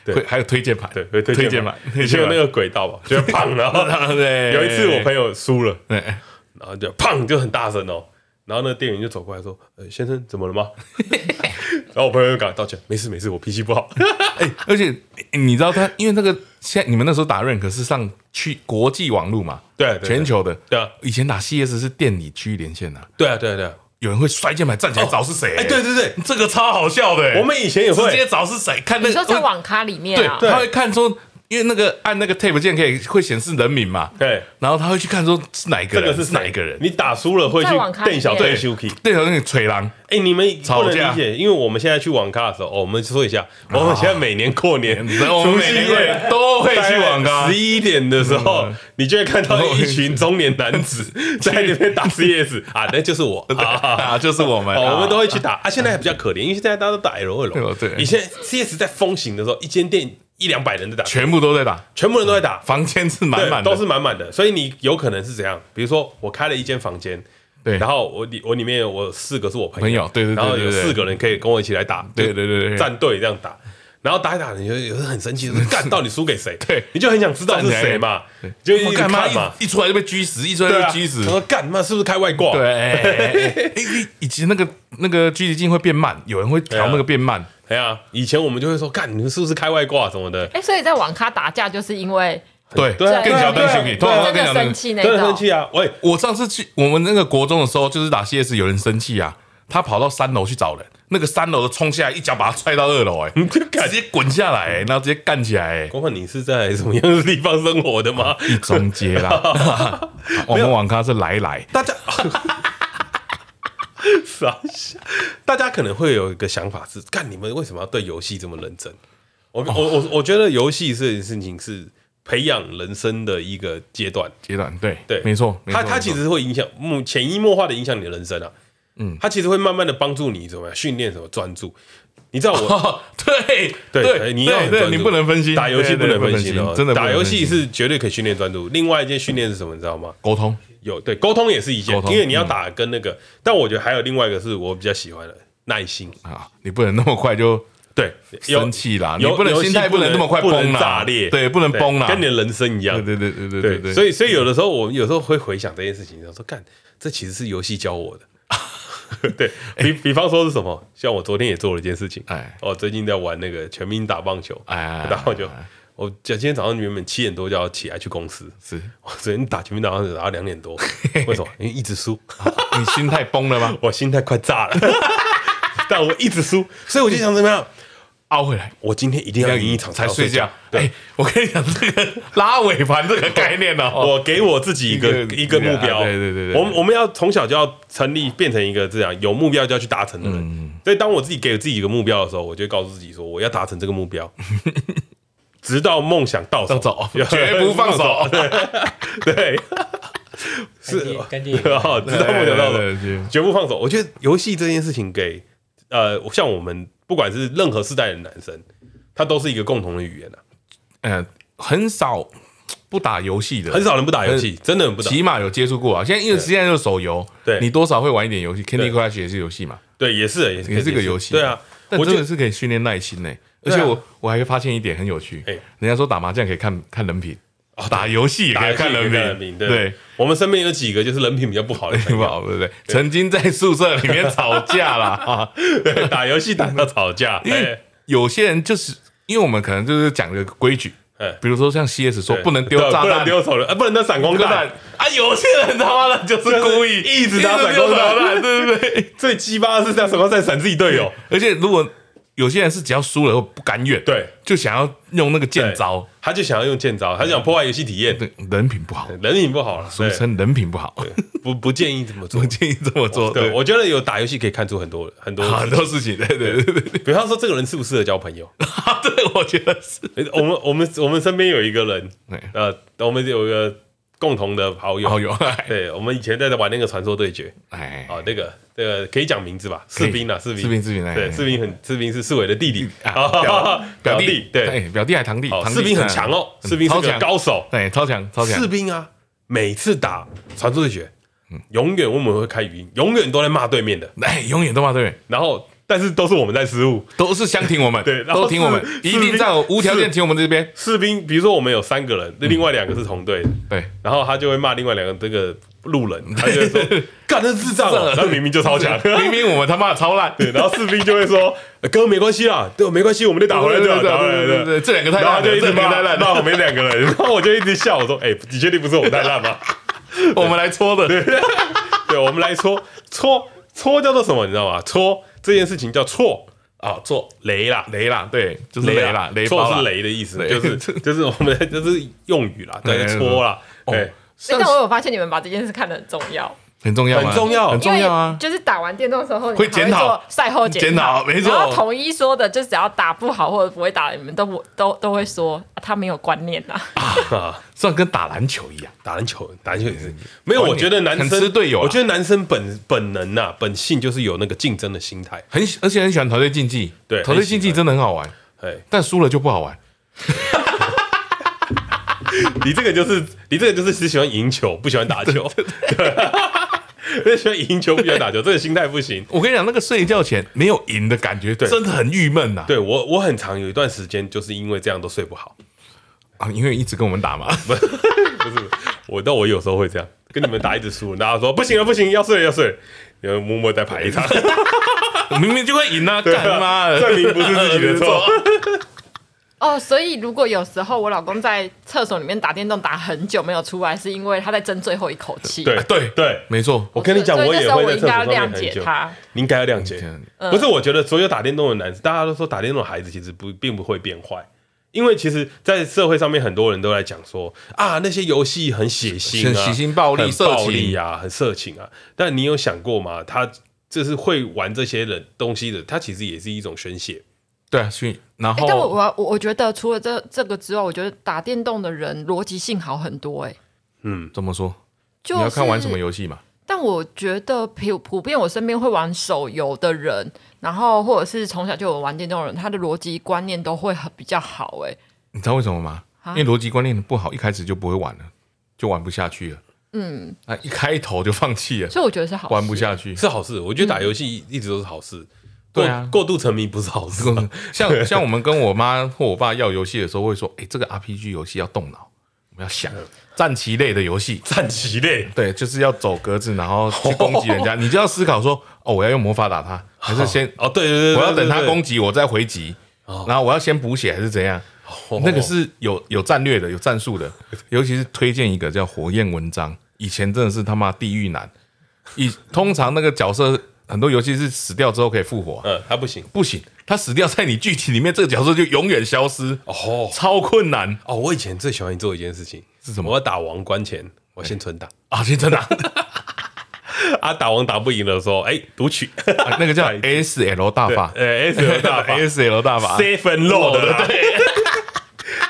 對，還有推鍵盤，對，會推鍵盤。以前有那個軌道吧，就會砰，然後有一次我朋友輸了，然後就砰就很大聲哦。然後那個店員就走過來說：“呃、哎，先生，怎麼了嗎？” 然後我朋友就趕快道歉：“沒事沒事，我脾氣不好。 ”哎、欸，而且、欸、你知道他，因為那個現在你們那時候打 rank 是上去國際網路嘛？對、啊，全球的。對啊，對啊，以前打 CS 是店裡區域連線的、啊。對啊對啊對啊，啊有人會摔鍵盤站起來找是誰、欸？哎、哦欸，對對對，這個超好笑的、欸。我們以前也會直接找是誰，看那個、你說在網咖裡面、啊哦對，對，他會看出。因為那個按那個 Tab 鍵可以會顯示人名嘛，對，然後他會去看說是哪一個人，這個是哪一個人？你打輸了會去電小、欸、對電小隊休息，對小隊吹狼。哎，你們吵架？因為我們現在去網咖的時候，我們說一下，啊、我們現在每年過年除夕夜都會去網咖、啊，十一點的時候、嗯，你就會看到有一群中年男子在裡面打、嗯嗯嗯嗯、打 CS，啊，那就是我，啊，啊啊就是我們，我們都會去打。啊，現在還比較可憐，因為現在大家都打 L O L，對、啊，以前 CS 在風行的時候，一間店，啊一兩百人在打，全部都在打，全部人都在打，房間是滿滿的，都是滿滿的。所以你有可能是這樣？比如說我開了一間房間，對，然後我裡我裡面有我四個是我朋友，朋友對對對對對對，然後有四個人可以跟我一起來打，對對對，對，對站戰隊這樣打對對對對對，然後打一打你就很生氣，就是、幹是到底輸給誰？對，你就很想知道是誰嘛，就嘛？一出來就被狙死，一出來就被狙死，啊。他說幹嘛是不是開外掛？對，一 及、欸欸欸欸、那個那個狙擊鏡會變慢，有人會調那個變慢。哎呀，以前我們就會說，幹，你是不是開外掛什麼的。哎、欸，所以在網咖打架，就是因為對對對對，突然間生氣呢，生氣啊！喂，我上次去我們那個國中的時候，就是打 CS，有人生氣啊，他跑到三樓去找人，那個三樓的衝下來，一腳把他踹到二樓，欸，哎， 直接滾下來，欸，然後直接幹起來，欸。光靠你是在什麼樣的地方生活的嗎？ 一中街啦， 沒有 我們網咖是來來大家。 大家可能會有一個想法是，幹你們為什麼要對遊戲這麼認真？我我我，我覺得遊戲這件事情是培養人生的一個階段階段，對對，沒錯。他他，他其實會影響，潛移默化的影響你的人生啊。嗯，他其實會慢慢的幫助你怎麼樣訓練什麼專注。你知道我、哦、對對，對，對，對，你要你不能分心打遊戲不能分心哦，真的打遊戲是絕對可以訓練專注。另外一件訓練是什麼？嗯、你知道嗎？溝通有對溝通也是一件，因為你要打跟那個、嗯，但我覺得還有另外一個是我比較喜歡的、嗯喜歡的嗯、耐心啊，你不能那麼快就對生氣啦，你不能心態不能那麼快崩炸裂，呃、對不能崩了，跟你的人生一樣，對對對對對，對，對，對，對，對所以所以有的時候我有時候會回想這件事情，我說幹這其實是遊戲教我的。 對比比方說是什麼、欸？像我昨天也做了一件事情。哎、欸，哦，最近在玩那個全民打棒球。哎、欸，打、欸、就、欸欸、我今今天早上原本七點多就要起來去公司。是，我昨天打全民打棒球就打到兩點多嘿嘿嘿。為什麼？因為一直輸、哦。你心態崩了嗎？ 我心態快炸了。 但我一直輸，所以我就想怎麼樣？ 凹回來，我今天一定要贏一場才，才睡覺。對，欸、我跟你講，這個拉尾盤這個概念呢、哦， 我給我自己一個一個目標。對對對，對,對我，我們我們要從小就要成立，變成一個這樣有目標就要去達成的人嗯嗯。所以當我自己給自己一個目標的時候，我就會告訴自己說，我要達成這個目標， 直到夢想到手，手，絕不放手。對， 對是，然後 直到夢想到手對對對對，絕不放手。我覺得遊戲這件事情給呃，像我們。不管是任何世代的男生，他都是一個共同的語言吶、啊。嗯、呃，很少不打遊戲的，很少人不打遊戲，真的很不打，起碼有接觸過啊。現在因為現在就是手遊，對，你多少會玩一點遊戲，Candy Crush 也是遊戲嘛，對，也是也是，也是個遊戲，對啊。我覺得是可以訓練耐心呢、欸啊。而且我我還會發現一點很有趣、啊，人家說打麻將可以看看人品。哦、打遊戲也可以看人品，對。我們身邊有幾個就是人品比較不好的吧，不好，對不對？曾經在宿舍裡面吵架了啊， 對，打遊戲打到吵架。 有些人就是因為我們可能就是講一個規矩，比如說像 CS 說不能丟炸彈，不能丟手雷，不能丟閃光彈啊。有些人他媽的就是故意一直丟閃光彈、就是，對不對，對？最雞巴的是，像閃光在閃自己隊友，而且如果。有些人是只要輸了後不甘願，對，就想要用那個劍招，他就想要用劍招，他就想破壞遊戲體驗，對，人品不好，人品不好俗稱人品不好，不不建議這麼做，不建議這麼做，對，對我覺得有打遊戲可以看出很多很多很多事情的，對對，對，對，對，比方說這個人適不適合交朋友， 對我覺得是我們我們我們身邊有一個人對，呃，我們有一個。共同的好友，好友，哎、對我們以前在玩那個傳說對決，哎，哦、那個，那、這個可以講名字吧？士兵啊，士兵，士兵，士兵，哎、對，士兵很，士兵是士偉的弟弟、啊啊、弟，表弟，對，哎、表弟還堂弟，哦、堂弟士兵很強哦、啊嗯，士兵超強高手，對，超強，超強，士兵啊，每次打傳說對決，永遠我們會開語音，永遠都在罵對面的，哎、永遠都罵對面，然後。但是都是我們在失誤，都是相挺我們， 對，都挺我們，一定在無條件挺我們這邊士兵。比如說我們有三個人，嗯、另外兩個是同隊，對，然後他就會罵另外兩個這個路人，他就會說：“幹， 這智障啊、哦！他明明就超強， 明明我們他媽的超爛。”對，然後士兵就會說：“ 哥，沒關係啦，對，沒關係，我們就打回來，對，打對對對，這兩個太爛，這兩個太爛，那我， 我們兩個人，然後我就一直笑，我說：“哎、欸，你確定不是我們太爛嗎？ 我們來搓的 對，對，我們來搓搓搓叫做什麼？你知道嗎？搓。”這件事情叫錯啊、哦，錯雷啦，雷啦，對，就是雷啦，雷啦錯是雷的意思，就是就是我們就是用語啦，就是、戳啦 對，是錯啦，所、欸、以我有發現你們把這件事看得很重要。很重要，很重要，很重要啊！就是打完電動的時候，會檢討，賽後檢討，沒錯。然後統一說的，就只要打不好或者不會打，你們都不都都會說、啊、他沒有觀念啊。啊，算跟打籃球一樣，打籃球，打籃球也是，球也是，球也是沒有。我覺得男生隊友、啊，我覺得男生本本能吶、啊，本性就是有那個競爭的心態，很而且很喜歡團隊競技。對，團隊競技真的很好玩。哎，但輸了就不好玩。 你這個就是你這個就是只喜歡贏球，不喜歡打球。 對。 贏，不是喜歡贏球，不喜歡打球。這個心態不行。我跟你講，那個睡覺前沒有贏的感覺，對，對真的很鬱悶吶。對我，我很長有一段時間就是因為這樣都睡不好啊，因為一直跟我們打嘛。不是， 不是我，但我有時候會這樣跟你們打，一直輸，然後說不行了，不行，要睡了要睡了，然後默默再排一場。 我明明就會贏啊，幹嘛、啊？證明、啊、不是自己的錯。 哦，所以如果有時候我老公在廁所裡面打電動打很久沒有出來，是因為他在爭最後一口氣啊？對對對，沒錯。我跟你講，那時候我也會在廁所裡面很久，我應該要諒解他，你應該要諒解、嗯，不是。我覺得所有打電動的男子，大家都說打電動的孩子其實不並不會變壞，因為其實，在社會上面很多人都在講說啊，那些遊戲很血腥啊，血腥暴力、暴力啊，很色情啊。但你有想過嗎？他就是會玩這些人東西的，他其實也是一種宣洩。對啊，所以然後。欸、但我我我覺得除了這這個之外，我覺得打電動的人邏輯性好很多哎、欸。嗯，怎麼說？就是、你要看玩什麼遊戲嘛。但我覺得普普遍我身邊會玩手遊的人，然後或者是從小就有玩電動的人，他的邏輯觀念都會很比較好哎、欸。你知道為什麼嗎？因為邏輯觀念不好，一開始就不會玩了，就玩不下去了。嗯，那、啊、一開一頭就放棄了，所以我覺得是好。玩不下去是好事，我覺得打遊戲一直都是好事。嗯。對啊，過度沉迷不是好事，嗯。像像我們跟我媽或我爸要遊戲的時候，會說：“哎、欸，這個 RPG 遊戲要動腦，我們要想。”戰棋類的遊戲，戰棋類，對，就是要走格子，然後去攻擊人家，哦。你就要思考說：“哦，我要用魔法打他，還是先……哦，哦對，對對對，我要等他攻擊我再回擊，哦。然後我要先補血還是怎樣？哦哦，那個是有有戰略的，有戰術的。尤其是推薦一個叫《火焰紋章》，以前真的是他媽地獄難，以通常那個角色。很多遊戲是死掉之後可以復活、啊，嗯，他不行，不行，他死掉在你劇情裡面，這個角色就永遠消失，哦，哦，超困難哦。我以前最喜歡你做一件事情是什麼？我打王關前，我先存檔啊，先存檔 啊，打王打不贏了，說哎，讀取、啊，那個叫 SL 對對 S L 大法，S L 大法，S L 大法 -L、啊啊、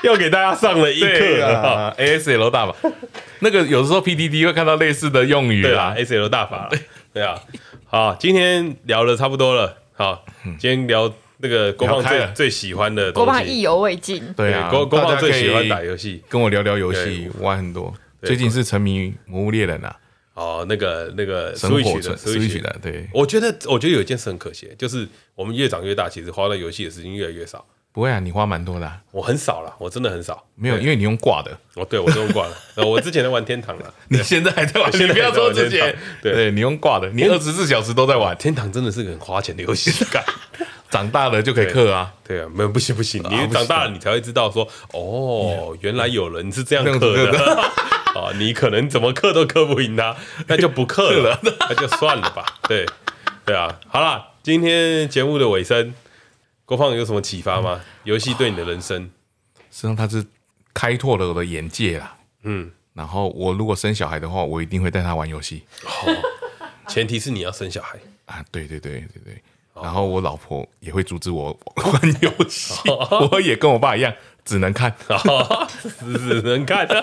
又給大家上了一課啊，S L 大法， 那個有時候 PTT 會看到類似的用語啦，對啦，S L 大法，對啊。 好，今天聊得差不多了。好，今天聊那個郭胖最最喜歡的東西。郭胖意猶未盡。對啊，郭郭胖最喜歡打遊戲，跟我聊聊遊戲，玩很多，玩很多。最近是沉迷《魔物獵人》啊。哦，那個那個 Switch 的，Switch 的。對，我覺得我覺得有一件事很可惜，就是我們越長越大，其實花在遊戲的時間越來越少。不會啊，你花蠻多的、啊。我很少了，我真的很少。沒有，因為你用掛的。哦，oh, 對，我用掛的。 我之前都玩天堂了。你現在還在玩？你不要說之前現在，對。對，你用掛的，你二十四小時都在玩天堂，真的是很花錢的遊戲。 長大了就可以氪啊。對啊，沒有不行不行、啊，你長大了，你才會知道說，哦，原來有人是這樣氪的、 哦、你可能怎麼氪都氪不贏他，那就不氪了， 那就算了吧。對，對啊。好了，今天節目的尾聲。郭胖有什麼啟發嗎？遊、嗯、戲對你的人生，實、哦、際上它是開拓了我的眼界啦。嗯，然後我如果生小孩的話，我一定會帶他玩遊戲、哦。前提是你要生小孩啊！對對對對對、哦。然後我老婆也會阻止我玩遊戲、哦，我也跟我爸一樣，只能看，哦、 只，只能看。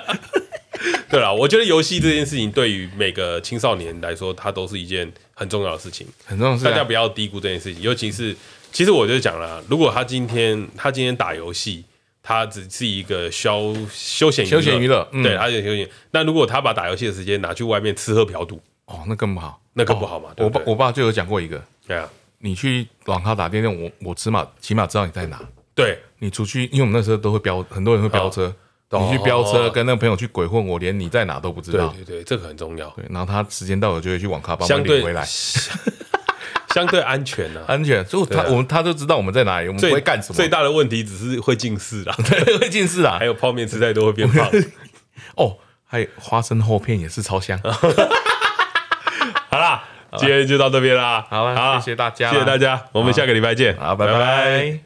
對啦，我覺得遊戲這件事情對於每個青少年來說，它都是一件很重要的事情，很重要的事情、啊。大家不要低估這件事情，尤其是。其實我就講了，如果他今天他今天打遊戲，他只是一個消休閒娛樂，休閒娛樂，對，他也休閒。那、嗯、如果他把打遊戲的時間拿去外面吃喝嫖賭，哦，那更不好，那更不好嘛。哦、對對，我爸我爸就有講過一個，對啊，你去網咖打電動，我我起碼起碼知道你在哪。對，你出去，因為我們那時候都會飆，很多人會飆車，你去飆車跟那個朋友去鬼混，我連你在哪都不知道。對對對，這個很重要。對，然後他時間到了就會去網咖幫你對領回來。 相對安全呢、啊啊，安全。所以他我們他就知道我們在哪裡，我們會幹什麼最，最大的問題只是會近視啦，對，會近視啦。還有泡面吃太多會變胖。 哦，還有花生厚片也是超香。 好啦好，今天就到這邊啦好。好，謝謝大家、啊，謝謝大家，我們下個禮拜見好。好，拜拜。